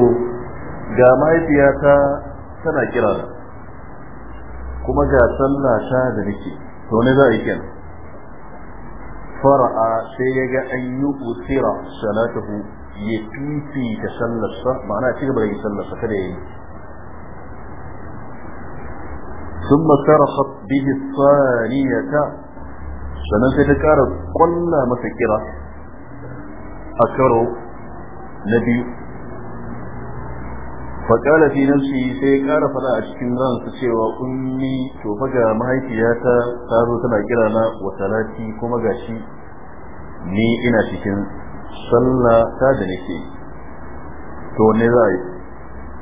Speaker 1: ga mahaifiyata tana kira da kuma ga sallah ta da nake to ne za a yi kenan fara'a sai ya ga an yi usira salatahu ya da sallarsa ma'ana ci gaba da yin sallarsa kada ya yi ثم صرخت به الثانية sannan sai ta ƙara ƙwalla masa kira a karo na biyu faƙala fi nafsi sai ƙara faɗa a cikin ransa cewa ummi to fa ga mahaifiyata ta zo tana kira na wa salati kuma gashi ni ina cikin sallah ta da nake to ne za a yi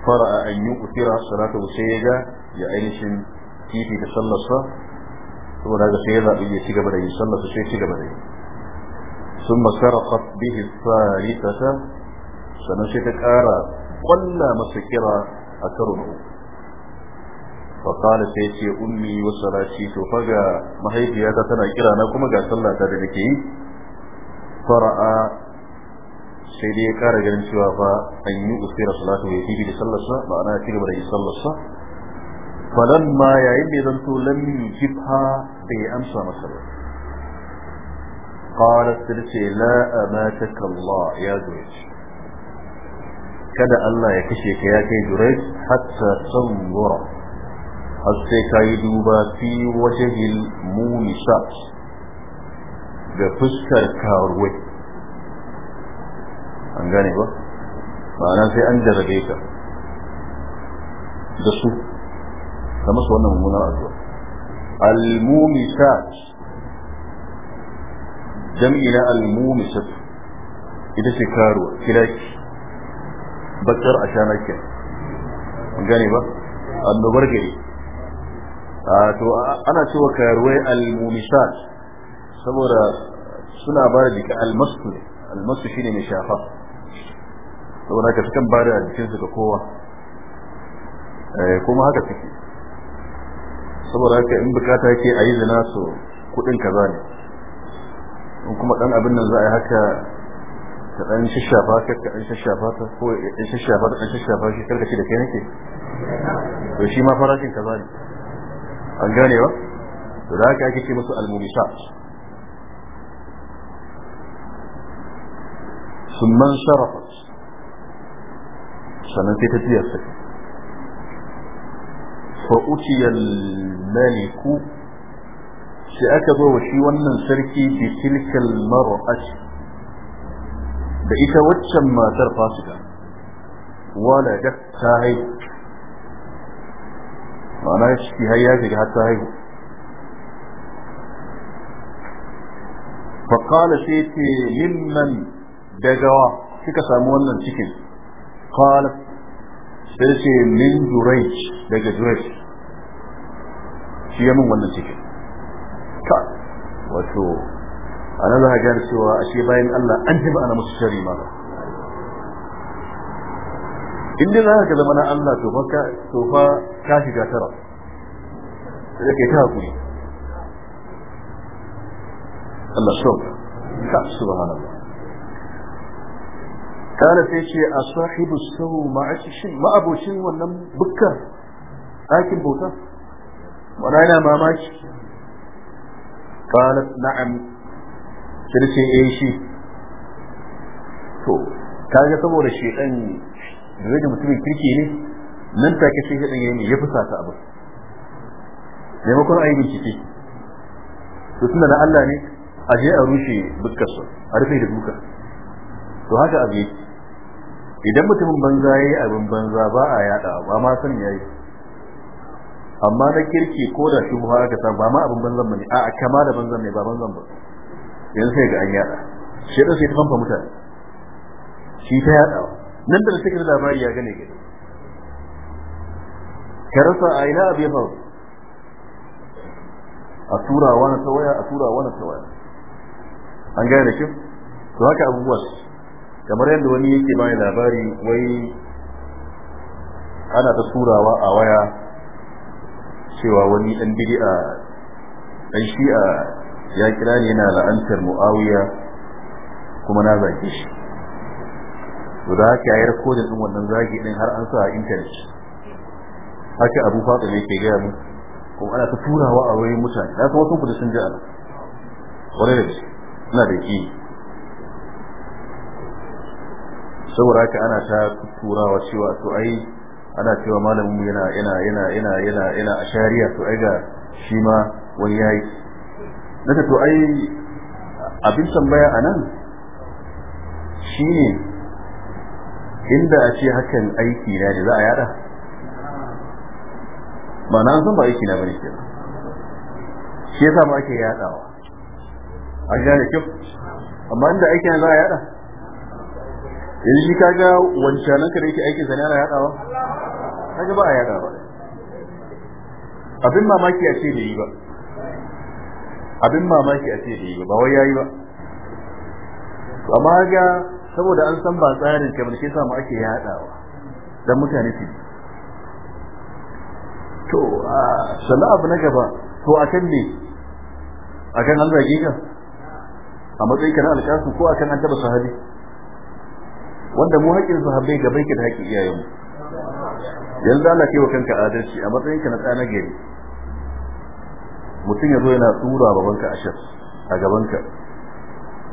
Speaker 1: fara'a an yi kutira salatu sai ya ga ya ainihin kifi da sallarsa saboda ga sai ya zaɓi ya ci gaba da yin sallarsa sai ci gaba da yi sun masarafat bihi sarisata sannan sai ta ƙara ƙwalla masa kira a karo na uku faƙala sai ce ummi wa salati to faga mahaifiyata tana kira na kuma ga sallata da nake yi fara'a sai dai ya kara ganin cewa fa an yi usira salatu ya yi da sallarsa ba ana cire da yi sallarsa falan ma yayin da ya zanto lam yujibha bai amsa masa ba qala tilce la amataka Allah ya zuriyat kada Allah ya kashe ka ya kai zuriyat hatta tanzura har sai ka yi duba fi wajhil munisa ga fuskar karuwai an gane ba ma'ana sai an jarrabe ka da su ka masu wannan mummunar addu'a al-mumisat jam'i na al-mumisat ita ce karuwa kiraki bakar a ke an gane ba annobar gari to ana cewa karuwai al-mumisat saboda suna ba da jika al-masu al-masu shine mai shafa saboda ka sukan bada a jikinsu ga kowa eh, kuma haka suke saboda haka in bukata yake a yi zina su kudin kaza ne in kuma dan abin nan za a yi haka ta dan shishafa ka ka dan shishafa ta ko dan shishafa ta dan shishafa shi karka shi da kai nake to shi ma farashin kaza ne an gane ba to da haka ake ce musu al-mumisat summan sharafat sannan sai ta tiya sai fa utiyal maliku shi aka zo wa shi wannan sarki bi tilkal mar'at da ita waccan matar fasika wala da ta haihu ma'ana shi har ya shiga har ta haihu فقال سيتي ممن دجوا فيك سامو wannan cikin qala sai ce min jurayj daga jurayj shi ya min wannan cikin ta wato a ana za ka gane cewa ashe bayan Allah an ji ba ana musu shari ma in dai za ka zama na Allah to fa ka to fa ka shiga tara sai kai ta hakuri Allah shauka ka subhanallah kana sai ce a sahibu sau ma'ashin ma'abocin wannan bukkar ɗakin bauta wani yana mamaki kana na'am sai eh shi to kaga saboda shedan da zai mutumin kirki ne nan take sai shedan yayi ya fusa ta abu maimakon ayi bincike to tunda na Allah ne a je a rushe bukkar a rufe da duka to haka abu yake idan mutumin banza yayi abin banza ba a yada ba ma san yayi amma na kirki ko da shi buhari ka san ba ma abin banzan bane a kama da banzan ne ba banzan ba yanzu sai ga an yada shi da sai ta fanfa mutane shi ta yada nan da take da labari ya gane gani ka rasa a ba a tura wani tawaya a tura wani tawaya an gane da shi to haka abubuwa kamar yadda wani yake bani labari wai ana ta turawa a waya cewa wani dan bid'a dan shi'a ya kira ni yana la'antar muawiya kuma na zage shi to da haka rikodin kodin din wannan zagi din har an sa a internet haka abu fatima yake ga mu kuma ana ta turawa a wayoyin mutane na kuma sun kudu sun ji ana wani da ina da ki saboda haka ana ta turawa cewa to ai ana cewa malamin yana yana yana yana yana yana a shari'a to ai ga shi ma wani yayi daga to ai abin tambaya anan shine inda a ce hakan aiki na ne za a yada ba na ba aiki na bane kenan shi yasa ma ake yadawa an gane kyau amma inda aiki na za a yada yanzu shi kaga wancanan ka da yake aikin sana ya yadawa kaga ba ya yada ba abin mamaki a ce da yi ba abin mamaki a ce da yi ba wai yayi ba amma ga saboda an san ba tsarin ke shi sa mu ake yadawa dan mutane su to sannan abu na gaba to akan ne akan an zage ka a matsayin ka na alƙasu ko akan an taba sahabi wanda mu haƙƙin sahabbai gaban ki da haƙƙin iyayenmu yanzu Allah ke wa kanka adalci a matsayin ka na tsana gari mutum ya zo yana tsura babanka ashar a gabanka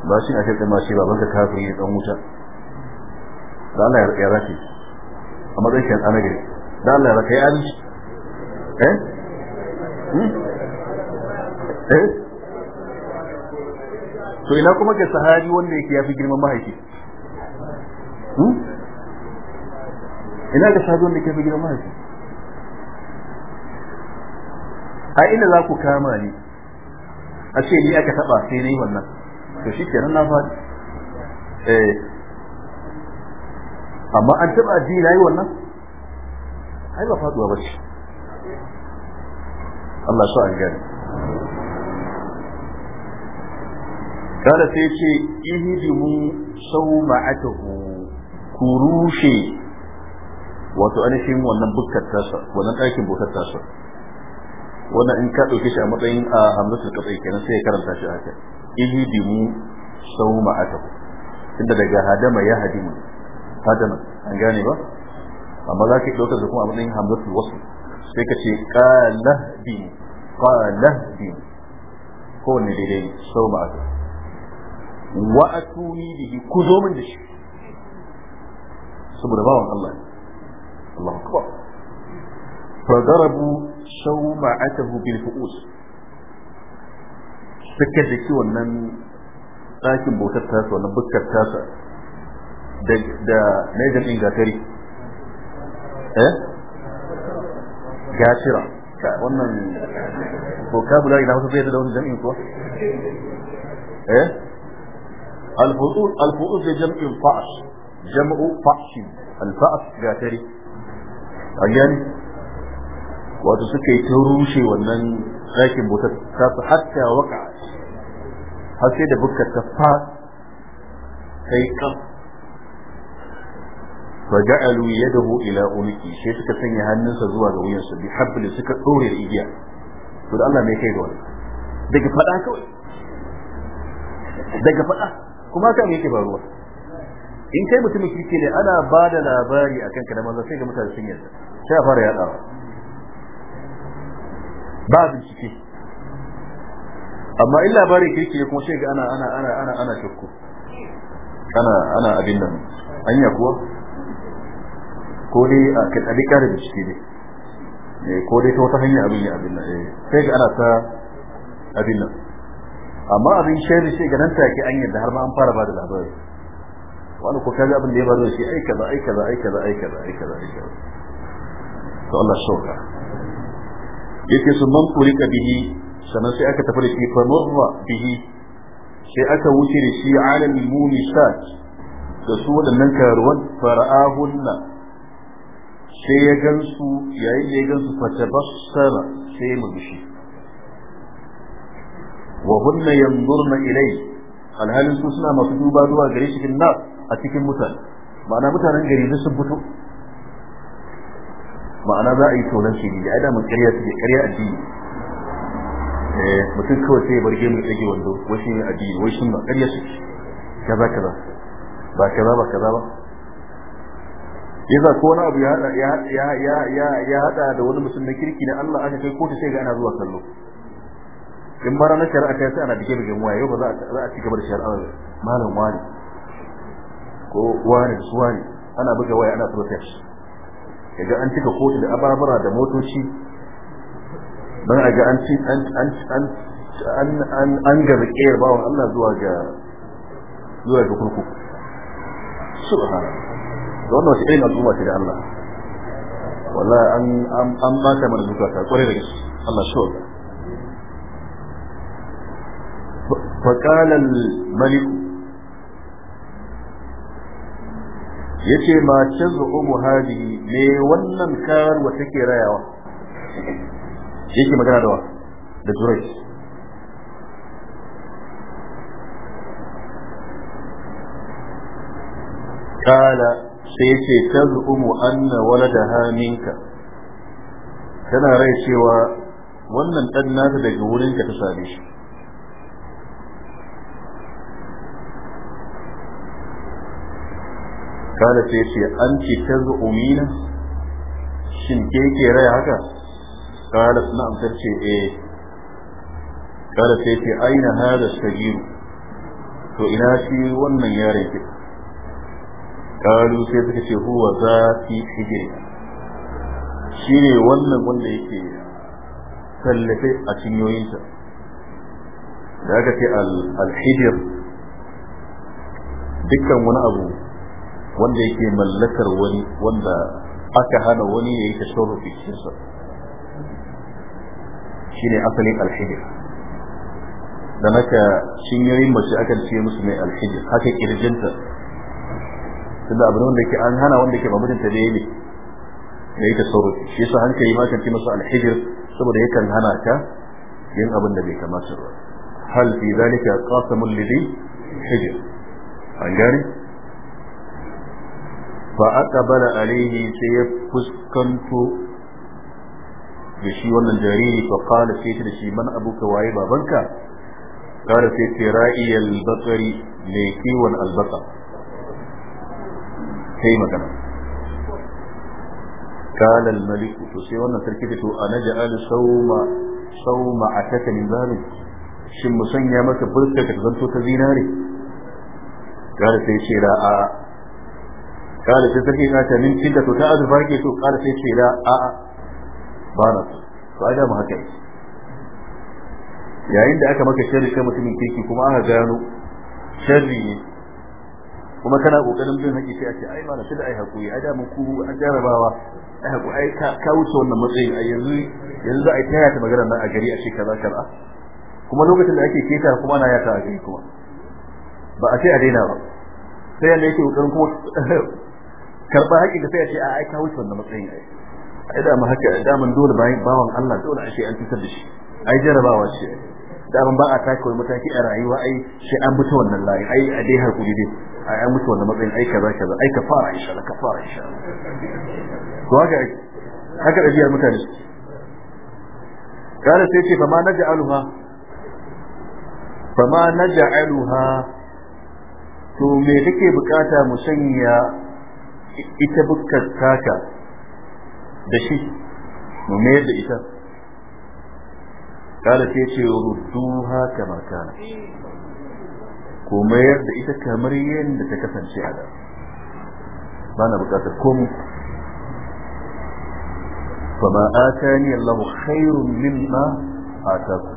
Speaker 1: ba shi ashar ɗin ma shi babanka kafiri yi ɗan wuta da Allah ya rafi a matsayin ka na tsana gari da Allah ya rafi ya adalci eh
Speaker 2: hmm? eh to ina kuma
Speaker 1: ke sahabi wanda yake yafi girman mahaifi ina ga shagon da ke fi gidan mahaifi a ina za ku kama ni a ce ni aka taba sai na yi wannan to shi kenan na faɗi eh amma an taba addini na yi wannan ai ba faduwa ba ce Allah so an gani kada sai ce ihidimu sau ma'atahu ku rushe wato ainihin wannan bukkar tasa wannan ɗakin bukkar tasa wannan in ka ɗauke shi a matsayin a hamzatul qat'i kenan sai ya karanta shi haka dimu sauma ataku inda daga hadama ya hadimu hadama an gane ba amma za ka ɗaukar da kuma a matsayin hamzatul wasu. sai ka ce qala dimu qala dimu kowanne daidai sau sauma ataku wa atuni bihi ku zo min da shi saboda bawan Allah Allah akbar fa darabu shawma'atahu bil fu'us suka daki wannan ɗakin bautar tasa wannan bukkar tasa da naijin ɗin gatari eh gatira wannan vocabulary na wasu zai da wani jam'in kuwa eh al-fu'us al-fu'us da jam'in fa'ash jam'u fahshi alfa'af gatari a gani wato suka yi ta rushe wannan ɗakin bautar ta su hatta da bukka ta فجعلوا يده الى عنقه suka sanya hannunsa zuwa ga wuyansa bi suka dore da igiya to da Allah mai kai da wani daga fada kawai daga kuma ba ruwa in kai mutumin kirki ne ana ba da labari akan ka da manzo sai ga mutane sun yarda sai a fara yada ba ciki. amma in labarin kirki ne kuma sai ga ana ana ana ana ana shakku ana ana abin nan anya kuwa ko dai a kan abin kare ciki ne eh, ko dai ta wata hanya abin ya abin nan eh, sai ga ana ta abin nan amma abin shari sai ga nan take an yadda har ma an fara ba da labari wani ko kaga abin da ya baro shi ai kaza ai kaza ai kaza ai kaza ai kaza ai kaza to Allah shauka yake su man furika bihi sannan sai aka tafi da shi fa murra bihi sai aka wuce da shi alal mumisat da su waɗannan karuwan fara'ahunna sai ya gansu yayin da ya gansu fatabassara sai ya murmushi wa hunna yanzurna ilai alhalin su suna masu duba zuwa gare shi fil nar a cikin mutane ma'ana mutanen gari duk sun fito ma'ana za a yi tonan shiri da adam ƙarya ke ƙarya addini eh mutum kawai sai barge mu tsage wando wai shi addini wai shi ba ƙarya ke. kaza kaza ba kaza ba kaza ba yasa ko wani abu ya haɗa ya ya da wani mutum na kirki na Allah aka kai kotu sai ga ana zuwa kallo in bara na shari'a ta sai ana dike bigen waya yau ba za a ci gaba da shari'a malam wani ko wani da su wani ana buga waya ana protest kaga an cika kotu da ababara da motoci don a an ci an an an an an an ga rike bawon Allah zuwa ga zuwa ga kurkuku subhana don wasu irin al'umma ce Allah wala an an an ba ta mana zukata kware da gaske Allah shi wa فقال الملك yace ma tazumu hadihi me wannan wa take rayawa yake magana da wa da zurai kala sai yace tazumu anna waladaha minka tana rai cewa wannan dan nata daga wurinka ta same shi kana sai ce an ce ta umina shin ke ke raya haka kana na amsar ce eh kana sai ce aina hada sagiru to ina shi wannan yaron ke kalu sai suka ce huwa za fi hijiri shi ne wannan wanda yake tallafe a cinyoyinsa. da aka ce al-hijir dukkan wani abu wanda yake mallakar wani wanda aka hana wani ya yi tasarrufi cikinsa shi ne asalin alhijir da naka cinyoyin mace akan ce musu mai alhijir haka kirjinta tunda abin wanda ke an hana wanda yake ba mutunta ya ne da yake tasarrufi shi yasa hankali ma kan ce masa alhijir saboda yakan hana ka yin abin da bai kamata ba hal fi zalika qasamul lidhi hijr an gani fa aqbala alayhi sai ya fuskanto da shi wannan jariri fa qala sai da shi man abuka waye babanka kare sai kiwon magana قال الملك to sai wannan sarki da to ana ja'al sauma sauma ataka min zalim shin musanya maka burka ka zanto ta sai da a kada sai sarki na ta min kinda ta azurfa ke so kada sai ce da a ba na to a dama haka yake yayin da aka maka sharri kai mutumin kirki kuma aka gano sharri ne kuma kana kokarin bin haƙi sai a ce ai ma na shi ai hakuri a dama ku a jarabawa ai ka wuce wannan matsayin a yanzu yanzu za a yi ta magana a gari a ce kuma lokacin da ake kuma a kuma ba a ce a daina ba sai yanda yake kokarin kuma karba haƙi da sai a ce a aika wuce wannan matsayin ai ai da mu haka da mun dole bayan bawan Allah dole a ce an fitar da shi ai jarabawa ce da mun ba a ta kai mataki a rayuwa ai shi an mutu wannan layi ai a dai hakuri dai ai an mutu wannan matsayin ai kaza kaza ai kafara
Speaker 2: insha Allah kafara insha Allah to haka haka da biyar mutane
Speaker 1: kada sai ce fa ma naj'aluha fa ma naj'aluha to me take bukata mu sanya ita bukkar taka da shi mu mayar da ita kala sai ce rudduha kama kana ko mayar da ita kamar yadda ta kasance a da ba na bukatar komi fama atani Allahu khairun mimma ataku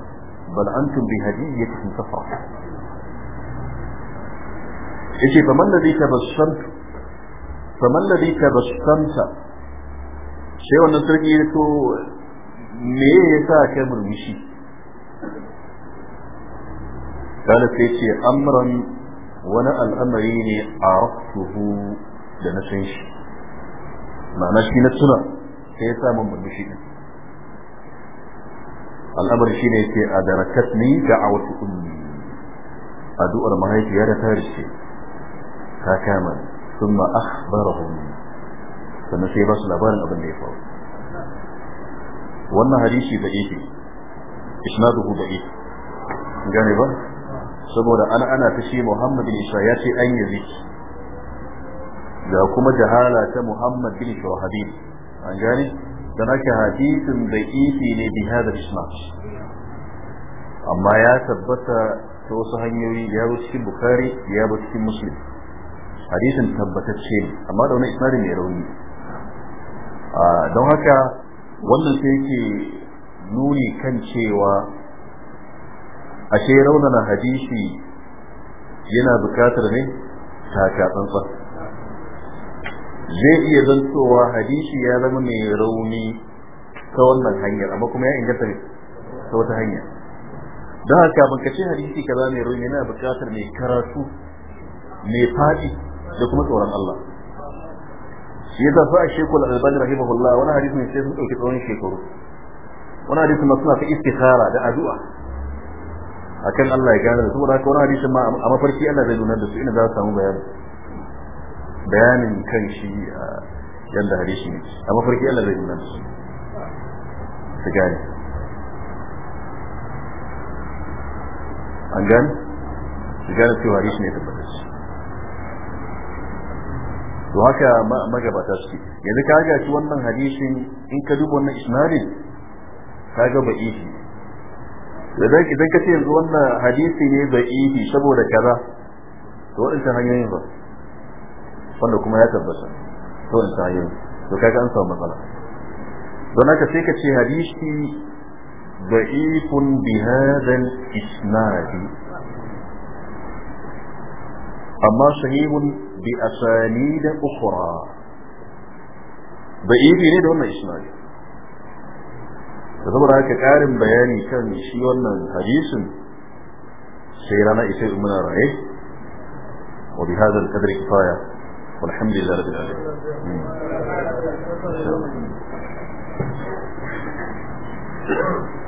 Speaker 1: bal antum bi hadiyatikum tafrahu yace faman ladhi da faman ladhi tabassamta sai wannan sarki ya to me yasa kai murmushi kana sai ce amran wani al'amari ne a rafuhu da na san shi ma'ana shi na tuna sai ya sa samu murmushi din al'amari shi ne ke a darakat ni da a wata ummi addu'ar mahaifiya da ta rice ta kama ni thumma akhbarahum sannan sai ba labarin abin da ya faru wannan hadisi gane ba saboda ana ana ta shi Muhammad bin Isa ya ce an yazi ga kuma jahala ta Muhammad bin Shawhabin an gane dan haka hadisin da yake ne bi hada isnad amma ya tabbata ta wasu hanyoyi ya zo cikin Bukhari ya zo cikin Muslim hadisin tabbatacce ne amma da wani isnadi mai rauni don haka wannan sai yake nuni kan cewa ashe raunana hadisi yana bukatar ne taka tsantsan zai iya zantowa hadisi ya zama mai rauni ta wannan hanyar amma kuma ya inganta ne ta wata hanya don haka ban kace hadisi kaza mai rauni yana bukatar mai karatu mai fadi da kuma tsoron Allah shi yasa fa Sheikh Al-Albani rahimahullah wani hadisi ne sai sun dauki tsawon shekaru wani hadisi ma suna ta istikhara da addu'a akan Allah ya gane da saboda haka wani hadisi ma a mafarki Allah zai nuna da su ina za su samu bayanin bayanin kan shi yanda hadisi ne a mafarki Allah zai nuna da su su gane an gane su gane cewa hadisi ne tabbatar to haka magabata suke yanzu ka ga shi wannan hadisin in ka duba wannan isnadin ka ga ihi idan idan ka ce yanzu wannan hadisi ne ihi saboda kaza to wadannan hanyoyin ba wanda kuma ya tabbata to wadannan hanyoyin to ga an samu matsala don haka sai ka ce hadisi da'ifun bi hadha al amma sahihun بأسانيد أخرى بإيدي يعني ليه ده إسماعيل فتبرا كارم بياني كان يشيونا حديث سيرانا إسير من رأيه وبهذا القدر كفاية والحمد لله رب العالمين
Speaker 2: Thank you.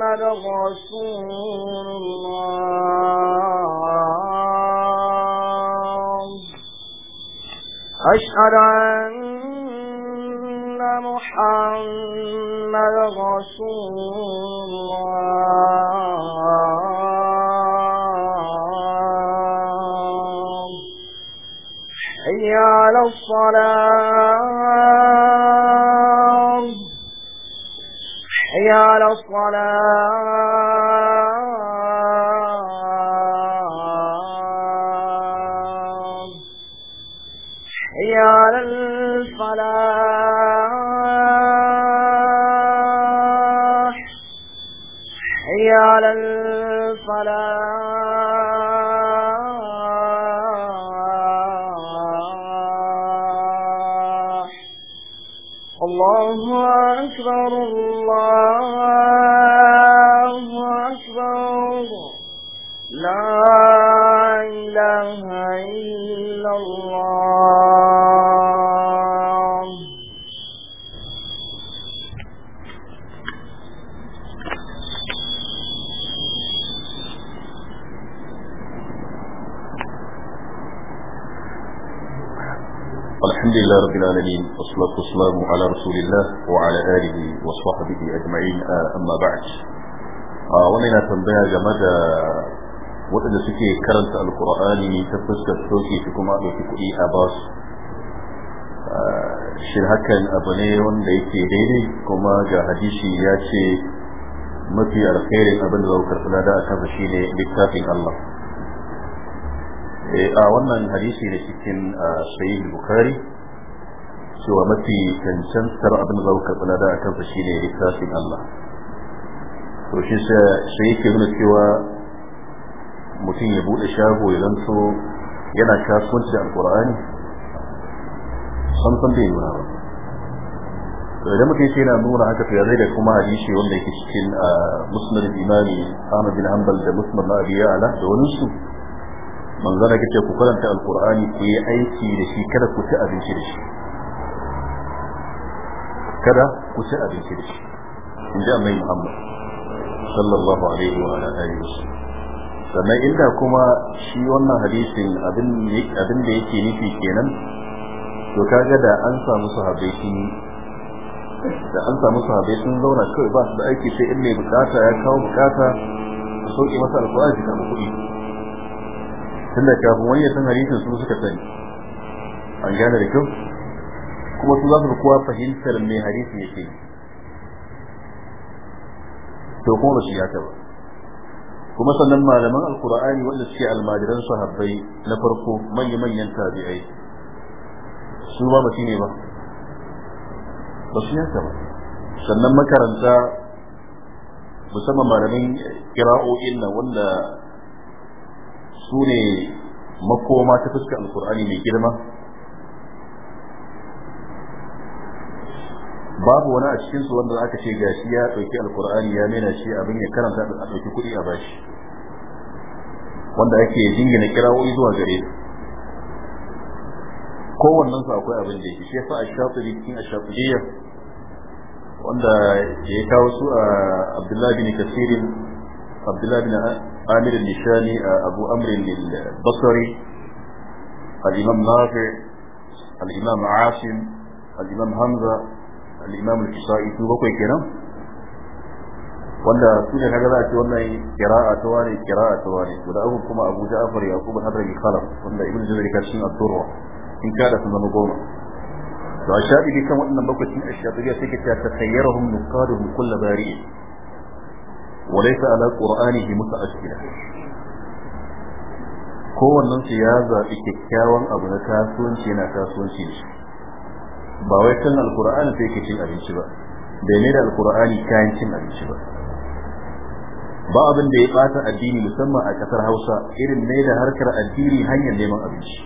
Speaker 3: محمد رسول الله أشهد أن محمد رسول الله حي على الصلاة حي على الصلاة على الفلاح
Speaker 1: الحمد لله رب العالمين والصلاة والسلام على رسول الله وعلى آله وصحبه أجمعين آه، أما بعد آه، ومن تنبيع جمدا آه، وإن سكي كرنت القرآن تبسك التوكي في كما أبوك إي أباس شرهكا أبنيون ليكي ديري كما جا حديثي ياتي مكي الخير أبن ذو كرفلادا كفشيني بكتاب الله a wannan hadisi ne cikin sahih bukhari cewa mafi cancantar abin da zaka kula da kansa shine littafin Allah to shi sai yake nuna cewa mutum ya bude shago ya zanto yana kasuwanci alqur'ani san san bai nuna ba to idan mutum yake yana nuna haka to ya zai da kuma hadisi wanda yake cikin ah, musnad imami Ahmad bin Hanbal da musnad Abi Ya'la da wani su manzana kace ku karanta alqur'ani ku yi aiki da shi kada ku ci abinci da shi kada ku ci abinci da shi in ji mai muhammad sallallahu alaihi wa alihi sannan inda kuma shi wannan hadisin abin da yake nufi kenan to kaga da an samu sahabbai sun da an samu sahabbai sun zauna kawai ba su da aiki sai in mai bukata ya kawo bukata su sauƙi masa alƙur'ani su karɓi kuɗi da kafin wani ya san hadisin su suka sani an gane da kyau kuma su za su kuwa fahimtar mai hadisi yake to kuma ba su ya ba kuma sannan malaman alkur'ani wanda suke almajiran sahabbai na farko manya-manyan tabi'ai su ba ba ne ba ba su ya ba sannan makaranta musamman malamin kira'o'in nan wanda su ne makoma ta fuskar alkur'ani mai girma babu wani a cikin su wanda aka ce gashi ya dauki alqur'ani ya mena shi abin ya karanta da dauki kuɗi a bashi wanda ake jingina kirawo zuwa gare su kowannen su akwai abin da yake shi yasa a shafii cikin ash-shafi'iyya wanda ya kawo su a Abdullahi bin Kasir Abdullahi bin Amir al-Nishani Abu Amr al-Basri al-Imam Nafi al-Imam Asim al-Imam Hamza al-imam al-kisai su bakwai kenan wanda su ne kaga za a ce wannan qira'a ta wani qira'a ta wani guda uku kuma Abu Ja'far Yaqub Hadrami Khalaf wanda Ibn Jarir ka cikin ad-Durra in kada sun zama goma to a shafi kan waɗannan bakwai cikin ash-shafiya take ta tasayyarhum nuqaduhum kullu bari'in wa laysa ala qur'anihi muta'akkila kowannen Kowannensu ya zaɓi kyakkyawan abu na kasuwanci na kasuwanci ne. ba wai kan alkur'ani sai yake cin abinci ba bai ne da alkur'ani kayan cin abinci ba ba abin da ya bata addini musamman a kasar hausa irin ne da harkar addini hanyar neman abinci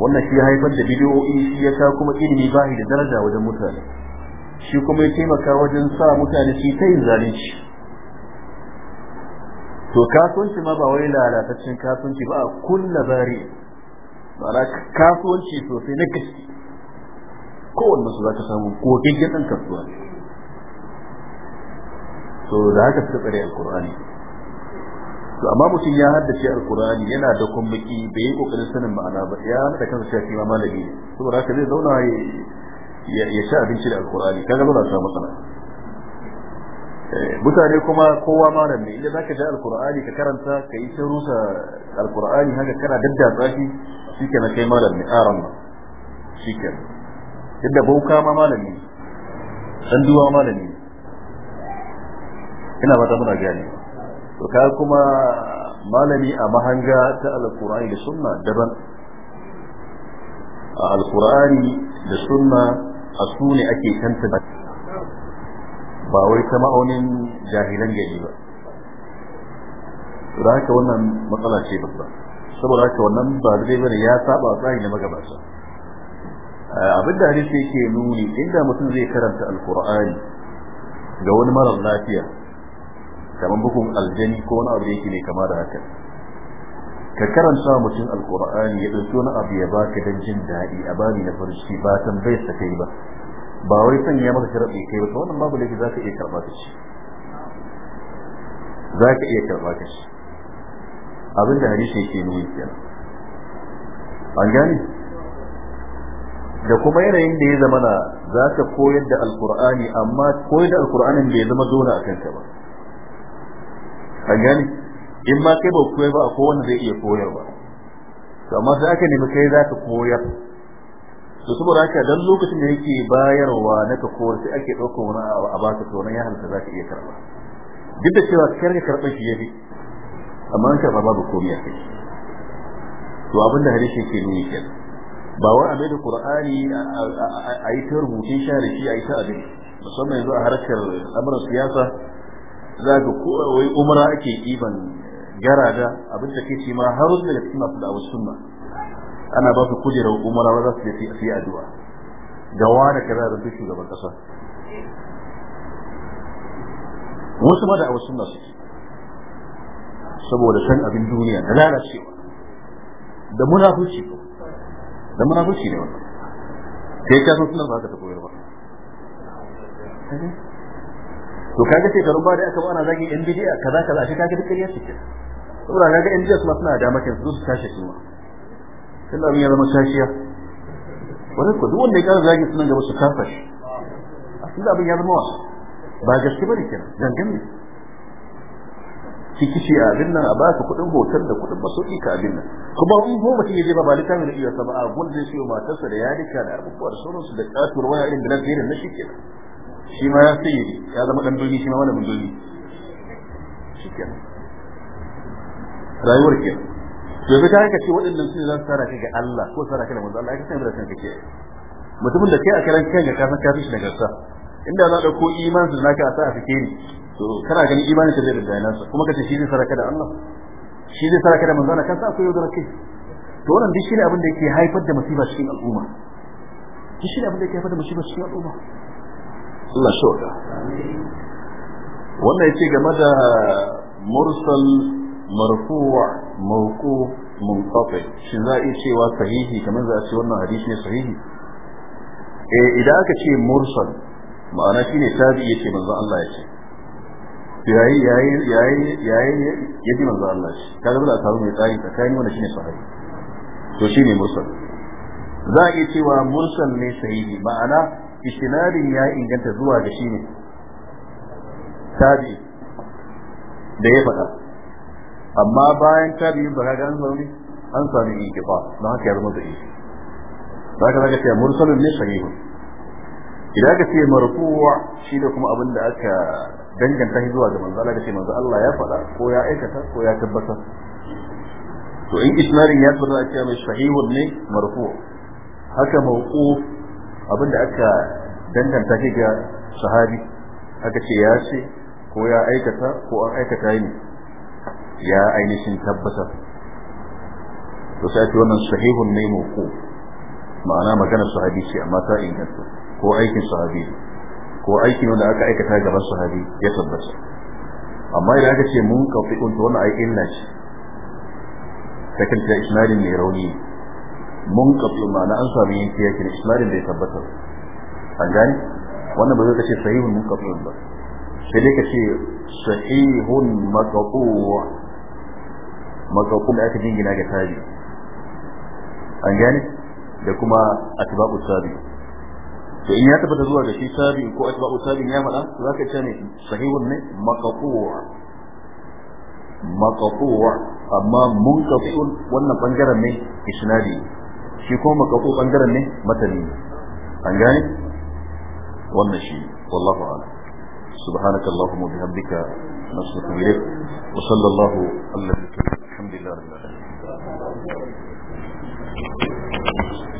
Speaker 1: wannan shi haifar da bidiyo'i shi ya sa kuma ilimi ba da daraja wajen mutane shi kuma ya taimaka wajen sa mutane shi ta yin zalunci to kasuwanci ma ba wai lalataccen kasuwanci ba a kulla bari ma'ana kasuwanci sosai na gaske kowanne su zaka samu gogaggen dan kasuwa to da haka suka tsare alqur'ani to amma mutum ya haddace alqur'ani yana da kumbaki bai yi kokarin sanin ma'ana ba ya da kansa cewa shi ma malami saboda haka zai zauna ya ya sha abinci da alqur'ani kaga ba za su matsala eh, mutane kuma kowa malam ne idan zaka ji alqur'ani ka karanta ka yi ta rusa alqur'ani haka kana daddatsa shi shikenan kai malam ne aran shikenan yadda da bauka ma malami dan duwa malami ina ba ta muna gani to ka kuma malami a mahanga ta alqur'ani da sunna daban a alkur'ani da sunna a su ne ake tantance ba wai ta ma'aunin jahilan gari ba da haka wannan matsala ce babba saboda haka wannan ba zai bane ya saba tsari na magabata Eh, abin da hadisi yake nuni inda mutum zai karanta alqur'ani ga wani marar lafiya kamar bugun aljani ko wani abu yake ne kama da haka ka karanta mutum alqur'ani ya dauki wani abu ya baka dan jin daɗi a bani na farshi ba san bai sa kai ba ba wai sanya maka sharaɗi kai ba wannan babu laifi za ka iya karɓa ta shi za ka iya karɓa ta shi abin da hadisi yake nuni kenan an gani. da kuma yanayin da ya zama na za ka koyar da alkur'ani amma koyar da alkur'anin da ya zama dole a kanka ba a gani in ma kai ba koyar ba a kowane zai iya koyar ba to amma sai aka nemi kai za ka koyar to saboda haka dan lokacin da yake bayarwa na ka koyar sai ake ɗaukar wani a baka to wani ya halitta za ka iya karɓa duk da cewa kar ka karɓa shi ya fi, amma an karɓa babu komai a kai to abinda hadisi ke nuni kenan ba wai a da qur'ani a yi ta rubutun sha da shi a yi ta abin musamman yanzu a harkar al'amuran siyasa za ga wai umra ake iban garada abin da ke ma har wasu daga cikin masu da'awar sunna ana ba su kujerar umra ba za su je su yi addu'a da wani kaza da shugaban kasa wasu ma da'awar sunna suke saboda san abin duniya da lalacewa da munafuci dan munafiki ne wannan sai ka san sunan ba ka ta koyar ba to kaga sai garin ba da aka bana zaki yan bidiya kaza kaza shi kaga duk ƙarya ce saboda kaga yan bidiya kuma suna da makin su su tashi su ma tunda abin ya zama tashiya wani ko duk wanda ya kaza zaki sunan gaba su kafa shi tunda abin ya zama wasa ba gaske bane kenan dangan ne tikiti a abin nan a ba su kuɗin hotel da kuɗin masoki ka abin nan kuma in ko mutum ya je ba balita mai iya sa ba a gun zai siyo matarsa da yarika da abubuwa da su da katuwar waya irin da na zirin na shike kenan shi ma ya sai ya zama dan birni shi ma wani birni shi kenan rayuwar ke to yanzu ka ce waɗannan su ne za su tsara ka ga Allah ko tsara ka da manzo Allah ka san da kanka ke mutumin da kai a karan kai ga san kafin shi daga sa inda za a ɗauko iman su ka a sa a fike ni to kana ganin imanin ka zai da bayanansa kuma kace shi ne saraka da Allah shi ne saraka da manzana kansa akwai da kai to wannan duk ne abin da yake haifar da musiba cikin al'umma duk ne abin da yake haifar da musiba cikin al'umma Allah shoda wannan yace game da mursal marfu' mawquf munqati shin za a cewa sahihi kamar za a ce wannan hadisi ne sahihi eh idan aka ce mursal ma'ana shine tabi'i yace manzo Allah yace yayi yayi yayi yayi yaji manzo Allah shi kaga ba samu mai tsari tsakanin wanda shine sahihi to shine mursal za a iya cewa mursal ne sahihi ma'ana istinadin ya inganta zuwa ga shine tabi da ya faɗa amma bayan tabi ba ga an samu an samu ikifa na haka ya zama da shi za ka zaka ce mursalun ne sahihi idan ka ce marfu'a shi da kuma abin da aka danganta shi zuwa ga manzo Allah ce manzo Allah ya faɗa ko ya aikata ko ya tabbata to in isnadin ya tabbata a cewa mai sahihun ne marfu haka mawquf abinda aka danganta shi ga sahabi aka ce ya ce ko ya aikata ko an aikata ne ya ainihin tabbata to sai ce wannan sahihun ne mawquf ma'ana maganar sahabi ce amma ta inganta ko aikin sahabi ne ko aikin wanda aka aikata gaban sahabi ya tabbata amma idan aka ce mun kafi kun to wannan aikin na shi sakin ta isnadin mai rauni mun kafi ma'ana an sami yanke yake isnadin ya tabbata an gani wannan ba zai kace sahihun mun kafi ba sai dai kace sahihun maqtu maqtu da aka jingina ga tabi an gani da kuma atba'u sabi to in ya tabbata zuwa da shi tabi'in ko atba'u tabi'in ya faɗa to zaka ce ne sahihun ne maqfu'a maqfu'a amma munqati'un wannan bangaren ne isnadi shi ko maqfu bangaren ne matani an gane wannan shi wallahu a'lam سبحانك اللهم وبحمدك نصرك إليك وصلى الله على الحمد لله رب
Speaker 2: العالمين